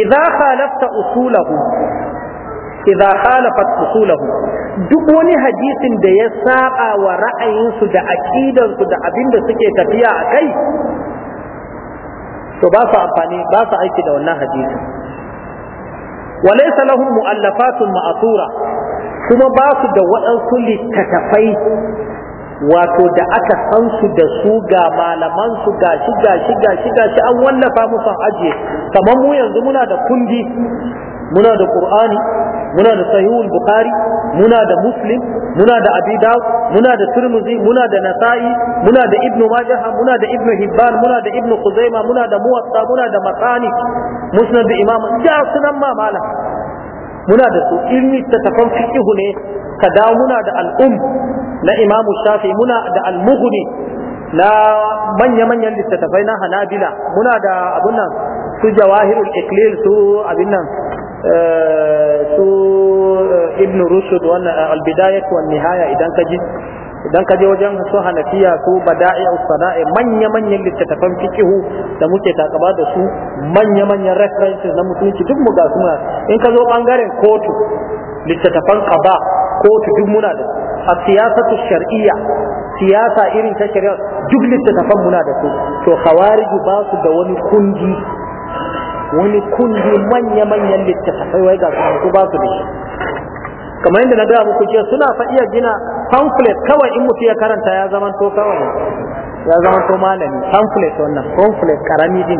idza khalafta usulahu idza khalafat usulahu duk wani hadisin da ya saba wa ra'ayinsu da aqidansu da abin da suke tafiya a kai to ba su amfani ba su aiki da wannan hadisin wa laysa lahum mu'allafatun ma'asura, kuma ba su da waɗansu littattafai wato da aka san su da su ga malaman su ga shi ga shi ga shi ga shi an wallafa musu ajiye kamar mu yanzu muna da kundi muna da qur'ani muna da sahihul bukhari muna da muslim muna da abi muna da turmuzi muna da nasa'i muna da ibnu majah muna da ibnu hibban muna da ibnu khuzaima muna da muwatta muna da matani musnad imam ja sunan ma malam muna da su in littattafan fiqhu ne ka dawo muna da al'um na Imam Shafi muna da al-Mughni na manya-manyan littattafai na Hanabila muna da abin nan su Jawahirul Iqlil su abin nan eh, su eh, Ibn Rushd wannan al-Bidayah nihaya idan ka ji idan ka je wajen su hanafiya su bada'i sana'i manya manyan littattafan fikihu da muke takaba da su manya manyan references na musulunci duk mu ga su in ka zo bangaren kotu littattafan qada kotu duk muna da su a siyasatu shar'iyya siyasa irin ta shari'a duk littattafan muna da su to khawariju ba su da wani kungi wani kungi manya manyan littattafai wai ga su ba su da shi kamar yadda na gaya muku jiya suna fa iya gina pamphlet kawai in mutu ya karanta ya zama to kawai ya zama to malami pamphlet wannan pamphlet karami din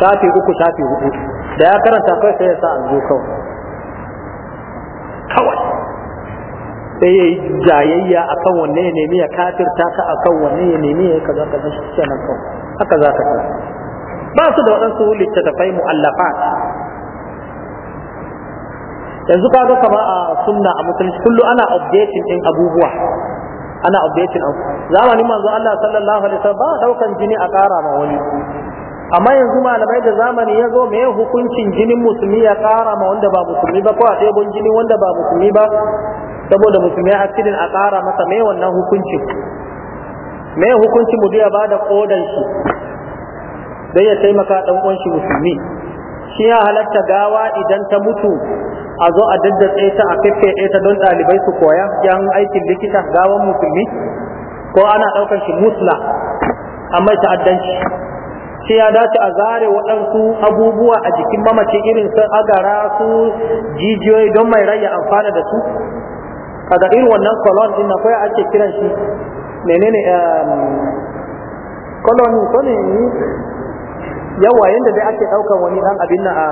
shafi uku shafi hudu da ya karanta kawai sai ya sa zo kawai kawai sai ya yi jayayya a kan wanne ya nemi ya kafirta ka a kan wanne ya nemi ya kaza kaza shi kenan kawai haka za ka ba su da waɗansu littattafai mu'allafa yanzu kaga ga kama a sunna a musulunci kullu ana updating din abubuwa ana updating abu zamanin manzo Allah sallallahu alaihi wasallam ba daukan jini a kara ma wani amma yanzu malamai da zamani ya zo me hukuncin jinin musulmi ya kara ma wanda ba musulmi ba ko a ɗebon jini wanda ba musulmi ba saboda musulmi a cikin a kara masa me wannan hukuncin me hukuncin mu ya bada kodan shi dai ya taimaka dan uwan shi musulmi shi ya halatta gawa idan ta mutu a zo a daddatse ta a fefe ta don ɗalibai su koya yan aikin likita gawan musulmi ko ana daukar shi musla amma ta'addanci sai ya dace a zare waɗansu abubuwa a jikin mamaci irin su agara su jijiyoyi don mai raya amfana da su kaga irin wannan kolon din na koya ake kiran shi menene um, kolon ne yawa yanda dai ake daukan wani dan abin nan a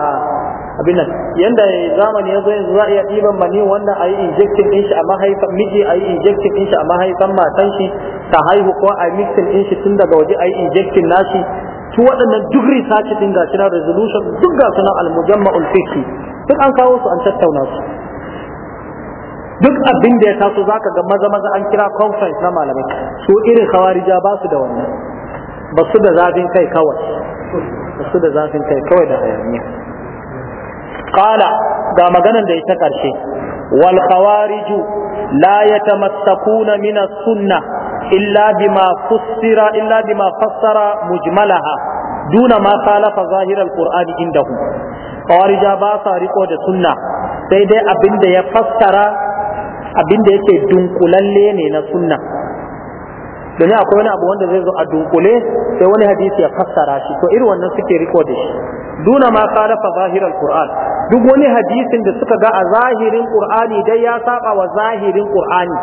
abin nan yanda zamani yazo yanzu za a iya ɗiban mani wanda a yi injection din shi a mahaifan miji a yi injection din shi a mahaifan matan shi ta haihu ko a mixin din shi tun daga waje a yi injection nashi su waɗannan duk research din ga shirar resolution duk ga sunan al-mujamma'ul fiqhi duk an kawo su an tattauna su duk abin da ya taso zaka ga maza maza an kira conference na malamai su irin khawarija ba su da wannan ba su da zafin kai kawai su da zafin kai kawai da hayaniya qala ga maganan da ita karshe wal khawarij la yatamassakuna min as-sunnah illa bima fassara illa bima fassara mujmalaha duna ma khalafa zahir al-qur'an indahu khawarija ba sa riko da sunna sai dai abinda ya fassara abinda yake dunkulalle ne na sunna domin akwai wani abu wanda zai zo a dunkule sai wani hadisi ya fassara shi to irin wannan suke riko da shi duna ma khalafa qur'an duk wani hadisin da suka ga a zahirin qur'ani dai ya saba wa zahirin qur'ani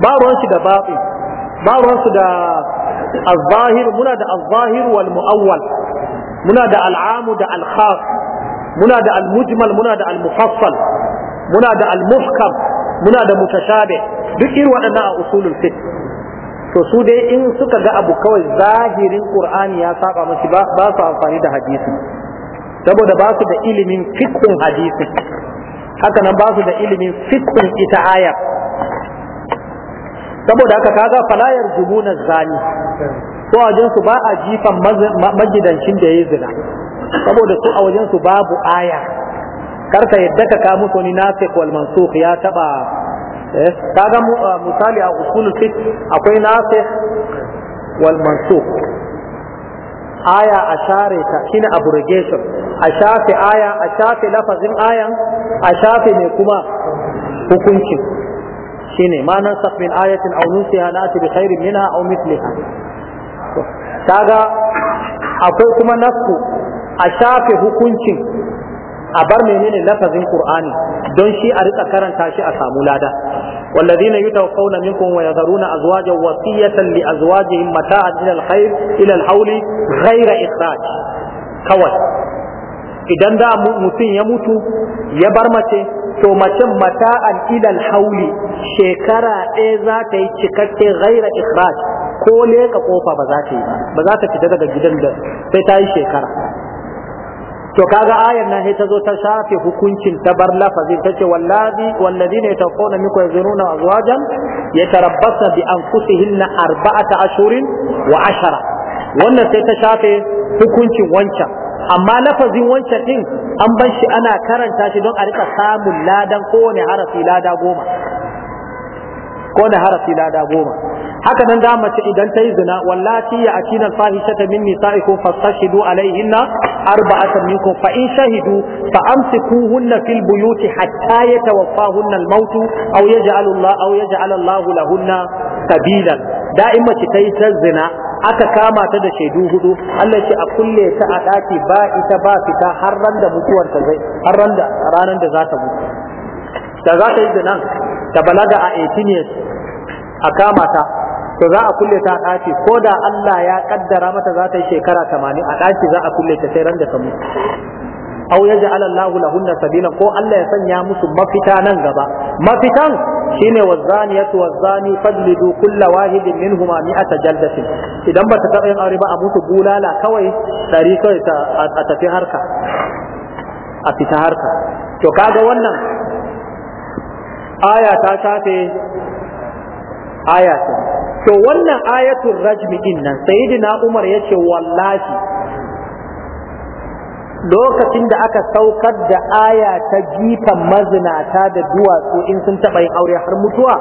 ba ruwan shi da batin ba ruwan su da az-zahir muna da az-zahir wal mu'awwal muna da al'amu da al-khas muna da al-mujmal muna da al-mufassal muna da al-muhkam muna da mutashabih duk irin waɗannan a usulul fiqh to su dai in suka ga abu kawai zahirin qur'ani ya saba musu ba ba su amfani da hadisi saboda ba su da ilimin fiqhun hadisi haka nan ba su da ilimin fiqhun ita aya saboda haka kaga falayar yarjubuna zani to a wajen su ba a jifan magidancin da yayi zina saboda su a wajen su babu aya karka yadda ka kawo musu ni nafiq wal mansukh ya taba Eh, kaga ah, misali a usulul fiqh akwai nasikh wal mansukh aya a share ta shine abrogation a shafe aya a shafe lafazin ayan a shafe ne kuma hukunci shine ma nan min ayatin aw nusiha na'ti bi khairin minha aw mithliha kaga akwai kuma nasu a shafe hukuncin a bar menene lafazin qur'ani don shi a rika karanta shi a samu lada والذين يتوفون منكم ويذرون أزواجا وصية لأزواجهم متاعا إلى الخير إلى الحول غير إخراج kawai? idan da mutum ya mutu ya bar mace to macen mata'an ilal hauli shekara ɗaya za ta yi cikakke gaira ikhraj ko leka kofa ba za ta yi ba za ta fita daga gidan da sai ta yi shekara to kaga ayar nan sai ta zo ta shafe hukuncin ta bar lafazin ta ce wallazi wallazina yatawfawna ya yazununa azwajan yatarabbasna bi anfusihinna arba'ata ashurin wa ashara wannan sai ta shafe hukuncin wancan amma lafazin wancan din an bar shi ana karanta shi don a rika samun ladan kowane harafi lada goma kowane harafi lada goma haka nan da mace idan ta yi zina wallati ya atina ta min nisaikum fastashidu alaihinna arba'atan minkum fa in shahidu fa amsikuhunna fil buyuti hatta yatawaffahunna al mautu aw yaj'alu Allah aw yaj'ala Allah lahunna sabilan da in mace ta yi ta zina aka kama ta da shaidu hudu Allah ya ce a kulle ta a daki ba ita ba fita har ran da mutuwar ta zai har ran da ranar da za ta mutu da za ta yi zinan ta balaga a 18 years a kama ta to za a kulle ta a ɗaci ko da Allah ya kaddara mata za ta yi shekara tamanin a ɗaci za a kulle ta sai ran da ta mutu au ya ja'ala Allahu lahunna sabila ko Allah ya sanya musu mafita nan gaba mafitan shine wazaniyatu wazani fajlidu kulla wahidin minhuma mi'ata jaldatin idan ba ta taɓa yin aure ba a mutu bulala kawai ɗari kawai a tafi harka a fita harka to kaga wannan aya ta shafe aya to wannan ayatul rajmi din nan sayyidina Umar yace wallahi lokacin da aka saukar da aya ta jifan mazinata da duwatsu in sun taɓa yin aure har mutuwa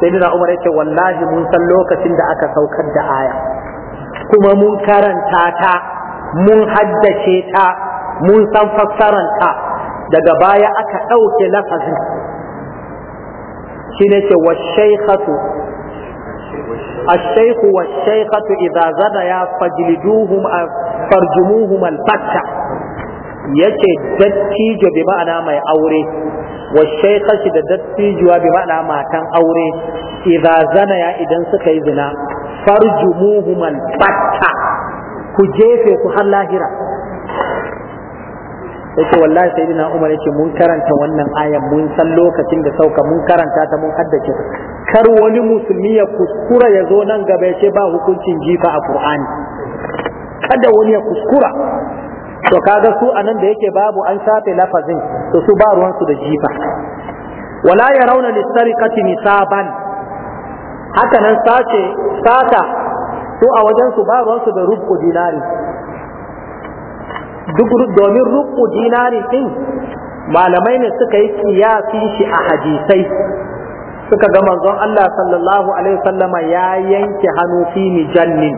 sayyidina Umar yace wallahi mun san lokacin da aka saukar da aya kuma mun karanta ta mun haddace ta mun san fassaranta daga baya aka ɗauke lafazin shi ne ce wa shaikhatu الشيخ والشيخة إذا زنيا فاجلدوهم فارجموهم البتة yace dattijo bi ma'ana mai aure wa shaykhashi da dattijuwa bi ma'ana matan aure idza zanaya idan suka yi zina farjumuhum al-batta ku jefe ku har lahira Yake wallahi sayyidina Umar yake mun karanta wannan ayan mun san lokacin da sauka mun karanta ta mun haddace kar wani musulmi ya kuskura ya zo nan gaba ya ce ba hukuncin jifa a Qur'ani kada wani ya kuskura to kaga su anan da yake babu an safe lafazin to su ba ruwan su da jifa wala yarawna lisariqati nisaban haka nan sace sata su a wajen su ba ruwan su da rubu dinari duk domin rubu dinari din malamai ne suka yi kiyasi shi a hadisai suka ga manzon Allah sallallahu alaihi wasallama ya yanke hannu fi mijannin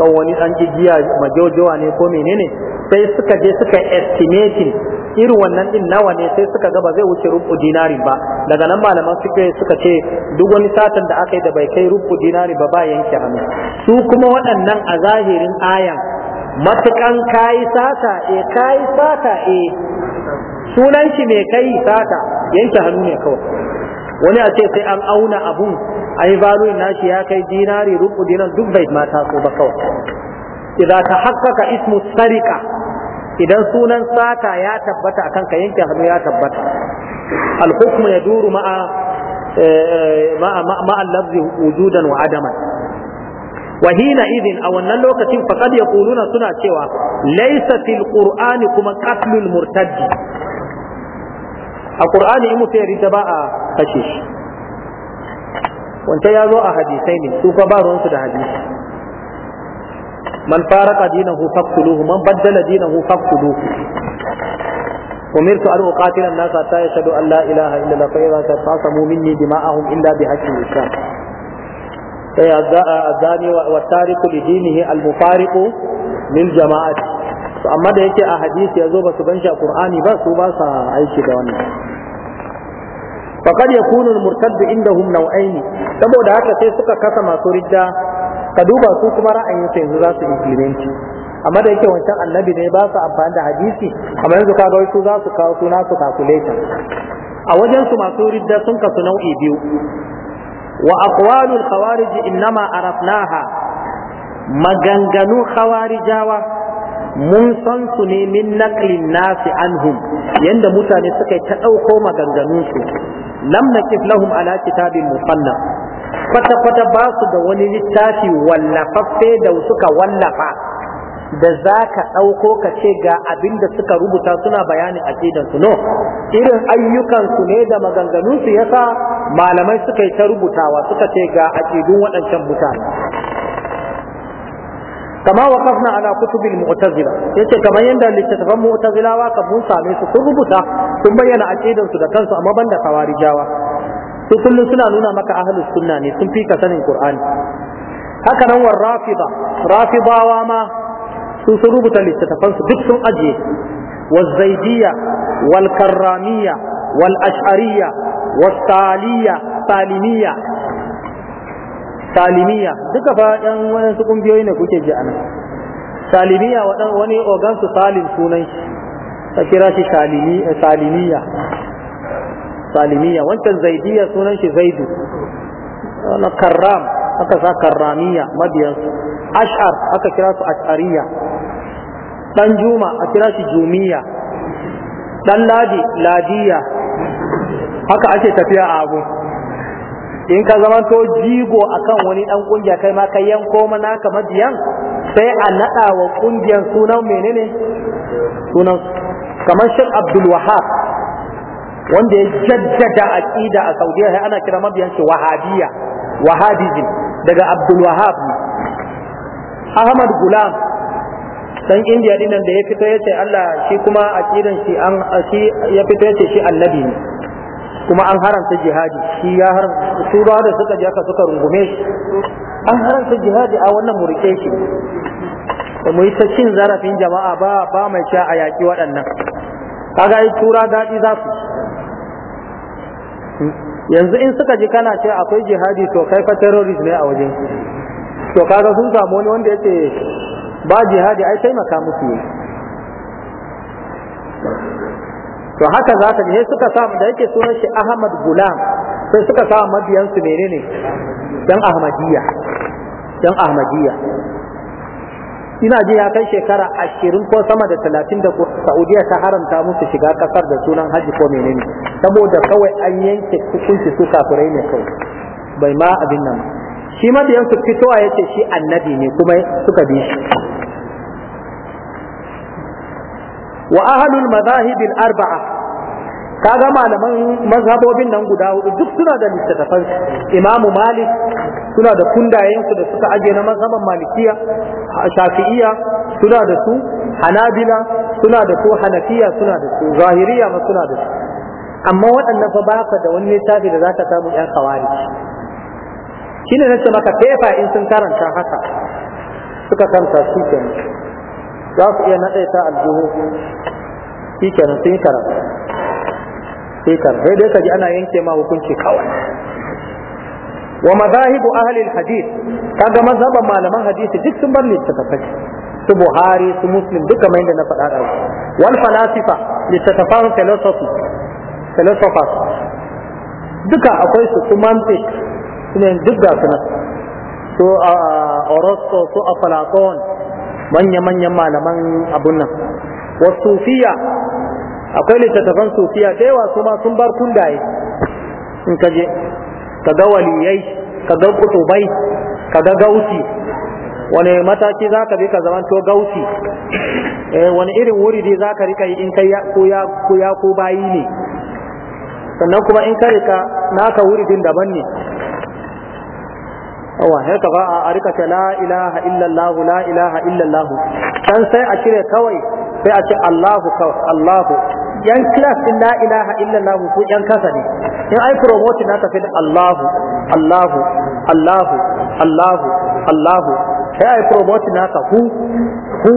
kan wani dan jijiya majojowa ne ko menene sai suka je suka estimating irin wannan din nawa ne sai suka ga ba zai wuce rubu dinari ba daga nan malaman suka suka ce duk wani satan da aka yi da bai kai rubu dinari ba ba yanke hannu su kuma waɗannan a zahirin ayan matukan kayi sata e kayi sata e sunan shi mai kai sata yanke hannu ne kawai wani a ce sai an auna abun ai value nashi ya kai dinari rubu dinan duk bai ma taso ba kawai idan ta hakkaka ismu sarika idan sunan sata ya tabbata akan ka yanke hannu ya tabbata al-hukmu yaduru ma'a eh, ma'a ma'a lafzi wujudan wa adaman wa hina idin a wannan lokacin faqad yaquluna suna cewa laysa fil qur'ani kuma qatlul murtaddi a qur'ani in mutum ya rida ba a kashe shi wancan ya zo a hadisai ne su ba ruwansu da hadisi man faraka dinahu faqtuluhu man baddala dinahu faqtuluhu أمرت أن أقاتل الناس حتى يشهدوا أن لا إله إلا الله فإذا تفاصموا مني دماءهم إلا بحق الإسلام wa bi الزاني والتارك لدينه المفارق To amma da yake a hadisi yazo ba su ban shi a ba su ba sa aiki da wannan faqad yakunu al-murtadd indahum naw'ain saboda haka sai suka kasa masu ridda ka duba su kuma ra'ayin su yanzu za su implement amma da yake wancan annabi ne ba su amfani da hadisi amma yanzu kaga wai su za su kawo suna su calculation a wajen su masu ridda sun kasu nau'i biyu Wa وأقوال الخوارج إنما عرفناها مغنغنو hawarijawa mun san su ne min naklin nasi anhum yanda mutane suka ta ɗauko maganganun su lam nakif lahum ala kitabin musanna kwata kwata ba su da wani littafi wallafaffe da suka wallafa da za ka ɗauko ka ce ga abin da suka rubuta suna bayanin cidansu no irin ayyukansu ne da maganganunsu sa malamai suka yi ta rubutawa suka ce ga aƙidun waɗancan mutane kama wa kafna ala kutubil mu'tazila yace kamar yadda littattafan mu'tazilawa ka mun same su sun rubuta sun bayyana aƙidansu da kansu amma banda kawarijawa su suna nuna maka ahlus sunna ne sun fi ka sanin qur'ani haka nan war rafida rafidawa ma su sun rubuta littattafansu duk sun ajiye والزيدية والكرامية والأشعرية والصالية سالمية سالمية duka fa ɗan waɗansu ƙungiyoyi ne kuke ji anan salimiya wani ogansu salim sunan shi ta kira shi salimiya salimiya wancan zaidiya sunan shi zaidu na karram aka sa karramiya mabiyansu ash'ar aka kira su ash'ariya dan juma a kira shi jumiya dan ladi ladiya haka ake tafiya a abu in ka zama to jigo akan wani dan ƙungiya kai ma kai yanko mana ka majiyan sai a nada wa kungiyan sunan menene sunan kamar Sheikh Abdul Wahab wanda ya jaddada aqida a Saudiya sai ana kira mabiyan shi Wahabiyya Wahabism daga Abdul Wahab Ahmad Gulam dan indiya nan da ya fito yace Allah shi kuma aqidan shi an shi ya fito yace shi annabi ne kuma an haramta jihadi shi ya har su da suka jaka suka rungume shi an haramta jihadi a wannan murke shi mu ta cin zarafin jama'a ba ba mai sha a yaki waɗannan kaga ai tura daɗi za su yanzu in suka ji kana ce akwai jihadi to kai fa terrorist ne a wajen to kaga sun samu wani wanda yake ba jihadi ai taimaka musu to haka za ka sai suka sa da yake sunan shi Ahmad Gulam sai suka sa madiyan su menene dan Ahmadiyya dan Ahmadiyya ina ji ya kai shekara ashirin ko sama da talatin da Saudiya ta haramta musu shiga kasar da sunan haji ko menene saboda kawai an yanke hukunci su kafirai ne kawai bai ma abin nan shi madiyan su fitowa yace shi annabi ne kuma suka bi shi wa ahlul madahib al arba'a kaga malaman mazhabobin nan guda hudu duk suna da littattafan Imam Malik suna da kundayen su da suka aje na mazhaban Malikiya shafi'iya suna da su Hanabila suna da su Hanafiya suna da su Zahiriya ma suna da su amma waɗannan fa baka da wani littafi da zaka samu ƴan kawari shine nace maka fefa in sun karanta haka suka karanta su kenan za su iya naɗe ta aljihu shi kenan sun yi karatu sun yi karatu sai dai ka ji ana yanke ma hukunci kawai wa mazahibu ahlil hadith kaga mazhaban malaman hadisi duk sun bar littattafai su buhari su muslim duka mai da na faɗa da wal falasifa littattafan philosophy philosophers duka akwai su su mantik su ne duk ga su su orosto su aflatone manya-manyan malaman abun nan wasu sufiya akwai littattafan sufiya da yawa su ma sun bar kundaye in ka je ka ga waliyai ka ga kutubai ka ga gauti. wani mataki za ka bi ka zamanto gausi eh, wani irin wuri dai za ka rika yi in kai ko ya ko bayi ne sannan kuma in ka rika naka din daban ne Wa sai ka a rika ta la ilaha illallah la ilaha illallah dan sai a cire kawai sai a ce Allahu kawai Allahu yan class din la ilaha illallah ku yan kasa ne in ai promote na ka fi Allahu Allahu Allahu Allahu Allahu sai ai promote na ka hu hu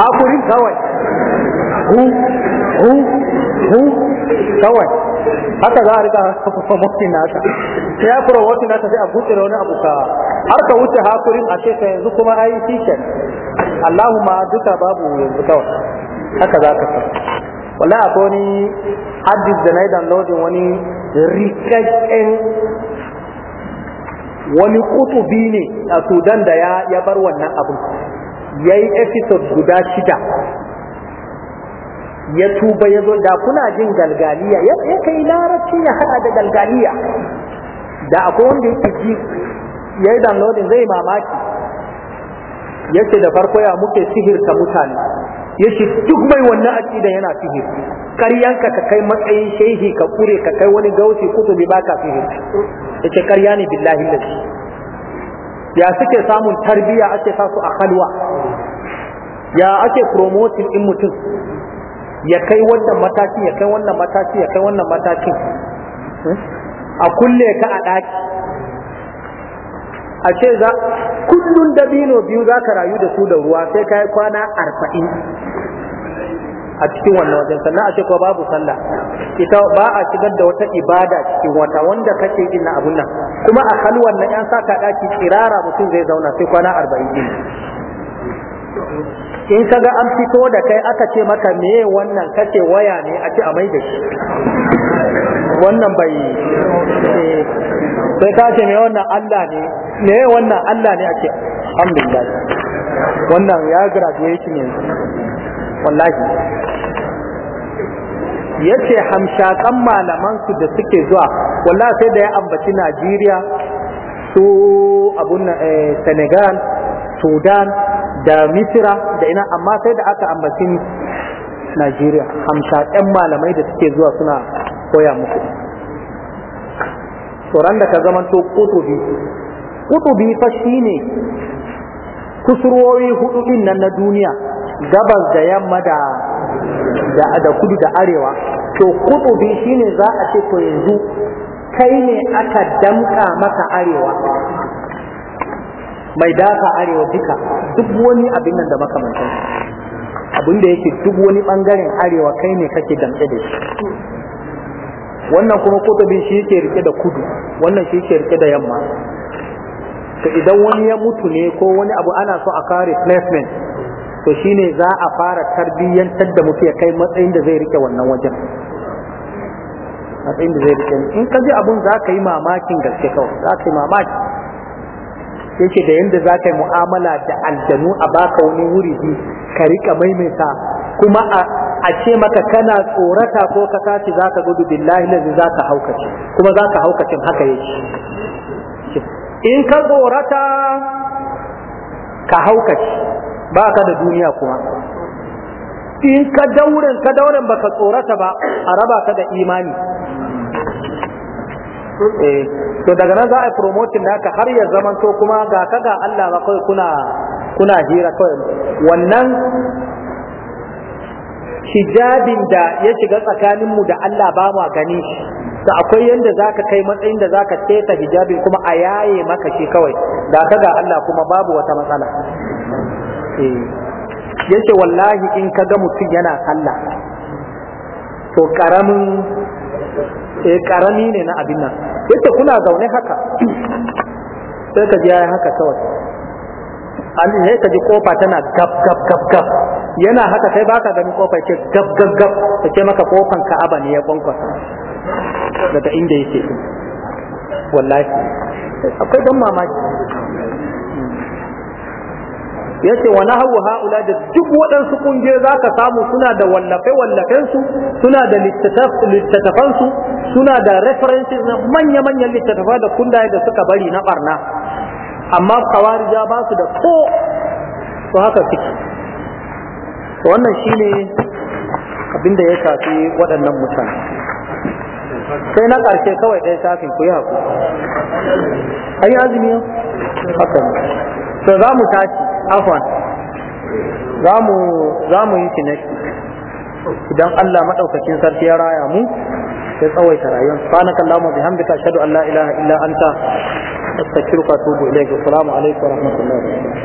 hakurin kawai hu hu hu kawai haka za a riga promoting nata sai ya na ta sai a gutsira wani abu ka har ka wuce hakurin a ce yanzu kuma ai tishan Allahumma duka babu yanzu kawai haka za ka san wallahi akwai wani hadis da na yi downloading wani rikakken wani kutubi ne a sudan da ya bar wannan abu ya yi episode guda shida ya tuba ya zo da kuna jin galgaliya ya kai larabci ya hada da galgaliya da akwai wanda yake ji ya yi downloadin zai mamaki ya ce da farko ya muke sihirta mutane ya ce duk mai wannan aƙidan yana sihir karyanka ka kai matsayin shehi ka kure ka kai wani gausi kutubi ba ka sihir ya ce karya ne billahi lafi ya suke samun tarbiya ake sa su a halwa ya ake promoting in mutum ya kai wannan matakin ya kai wannan matakin ya kai wannan matakin a kulle ka a ɗaki a ce za kullun dabino biyu za ka rayu da su da ruwa sai ka yi kwana arba'in a cikin wannan wajen sannan a ce kuwa babu sallah ita ba a shigar da wata ibada cikin wata wanda kake ce na abun nan kuma a halwar nan yan saka ɗaki tsirara mutum zai zauna sai kwana arba'in in ga an fito da kai aka ce maka me wannan kace waya ne a ce a mai da shi wannan bai eh, sai ka ce me wannan Allah ne me wannan Allah ne a ce alhamdulillah wannan ya graduation ne wallahi yace hamshakan malaman su da suke zuwa wallahi sai da ya ambaci Najeriya su abun eh, Senegal Sudan da misira da ina amma sai da aka ambaci najeriya ɗan malamai da suke zuwa suna koya muku tsoron da ka to kutubi kutubi fa ne kusurwoyi hudu din nan na duniya gabas da yamma da da kudu da arewa to kutubi ne za a ce to yanzu kai ne aka damka maka arewa mai dafa arewa duka duk wani abin nan da makamantan abin da yake duk wani bangaren arewa kai ne kake damtse da shi wannan kuma kotobi shi yake rike da kudu wannan shi yake rike da yamma to idan wani ya mutu ne ko wani abu ana so a kawo replacement to shine za a fara tarbiyyantar da mutu ya kai matsayin da zai rike wannan wajen matsayin da zai rike in ka ji abun za ka yi mamakin gaske kawai za ka yi mamaki yake da yanda za ka yi mu'amala da aljanu a baka wani wuri ka rika maimaita kuma a ce maka kana tsorata ko ka tashi za ka gudu billahi lazi za ka haukace kuma za ka haukacin haka yake in ka tsorata ka haukace ba ka da duniya kuma in ka dauren ka dauren baka tsorata ba a raba ka da imani Eh, to daga nan za a promoting naka har ya zaman to kuma ga ga Allah ba kai kuna kuna hira kai wannan hijabin da ya shiga tsakanin mu da Allah ba mu gani to akwai yanda zaka kai matsayin da zaka teta hijabin kuma a yaye maka shi kawai ga Allah kuma babu wata matsala eh, yace wallahi in ka ga mutum yana sallah to karamin eh karami ne na abin nan yadda kuna zaune haka sai ka ji yayin haka kawai an yi ka ji kofa tana gab gab gab gab yana haka sai baka ganin kofa ce gab gab gab ta ce maka kofan Ka'aba ne ya kwankwasa daga inda yake wallahi akwai don mamaki yace wa nahawu haula da duk waɗansu za zaka samu suna da wallafe wallafen su suna da littattafan su suna da references na manya manyan littattafa da kundaye da suka bari na barna amma kawarija ba su da ko to haka suke to wannan shine abinda ya shafi waɗannan mutane sai na ƙarshe kawai ɗaya shafin ku yi haku an yi azumi haka ne to za mu tashi za mu yi kinaki idan Allah maɗaukacin sarki ya raya mu ya tsawaita rayuwar subhanaka allahumma bihamdika ashhadu an la ilaha illa anta astaghfiruka wa ilai ga assalamu alaikum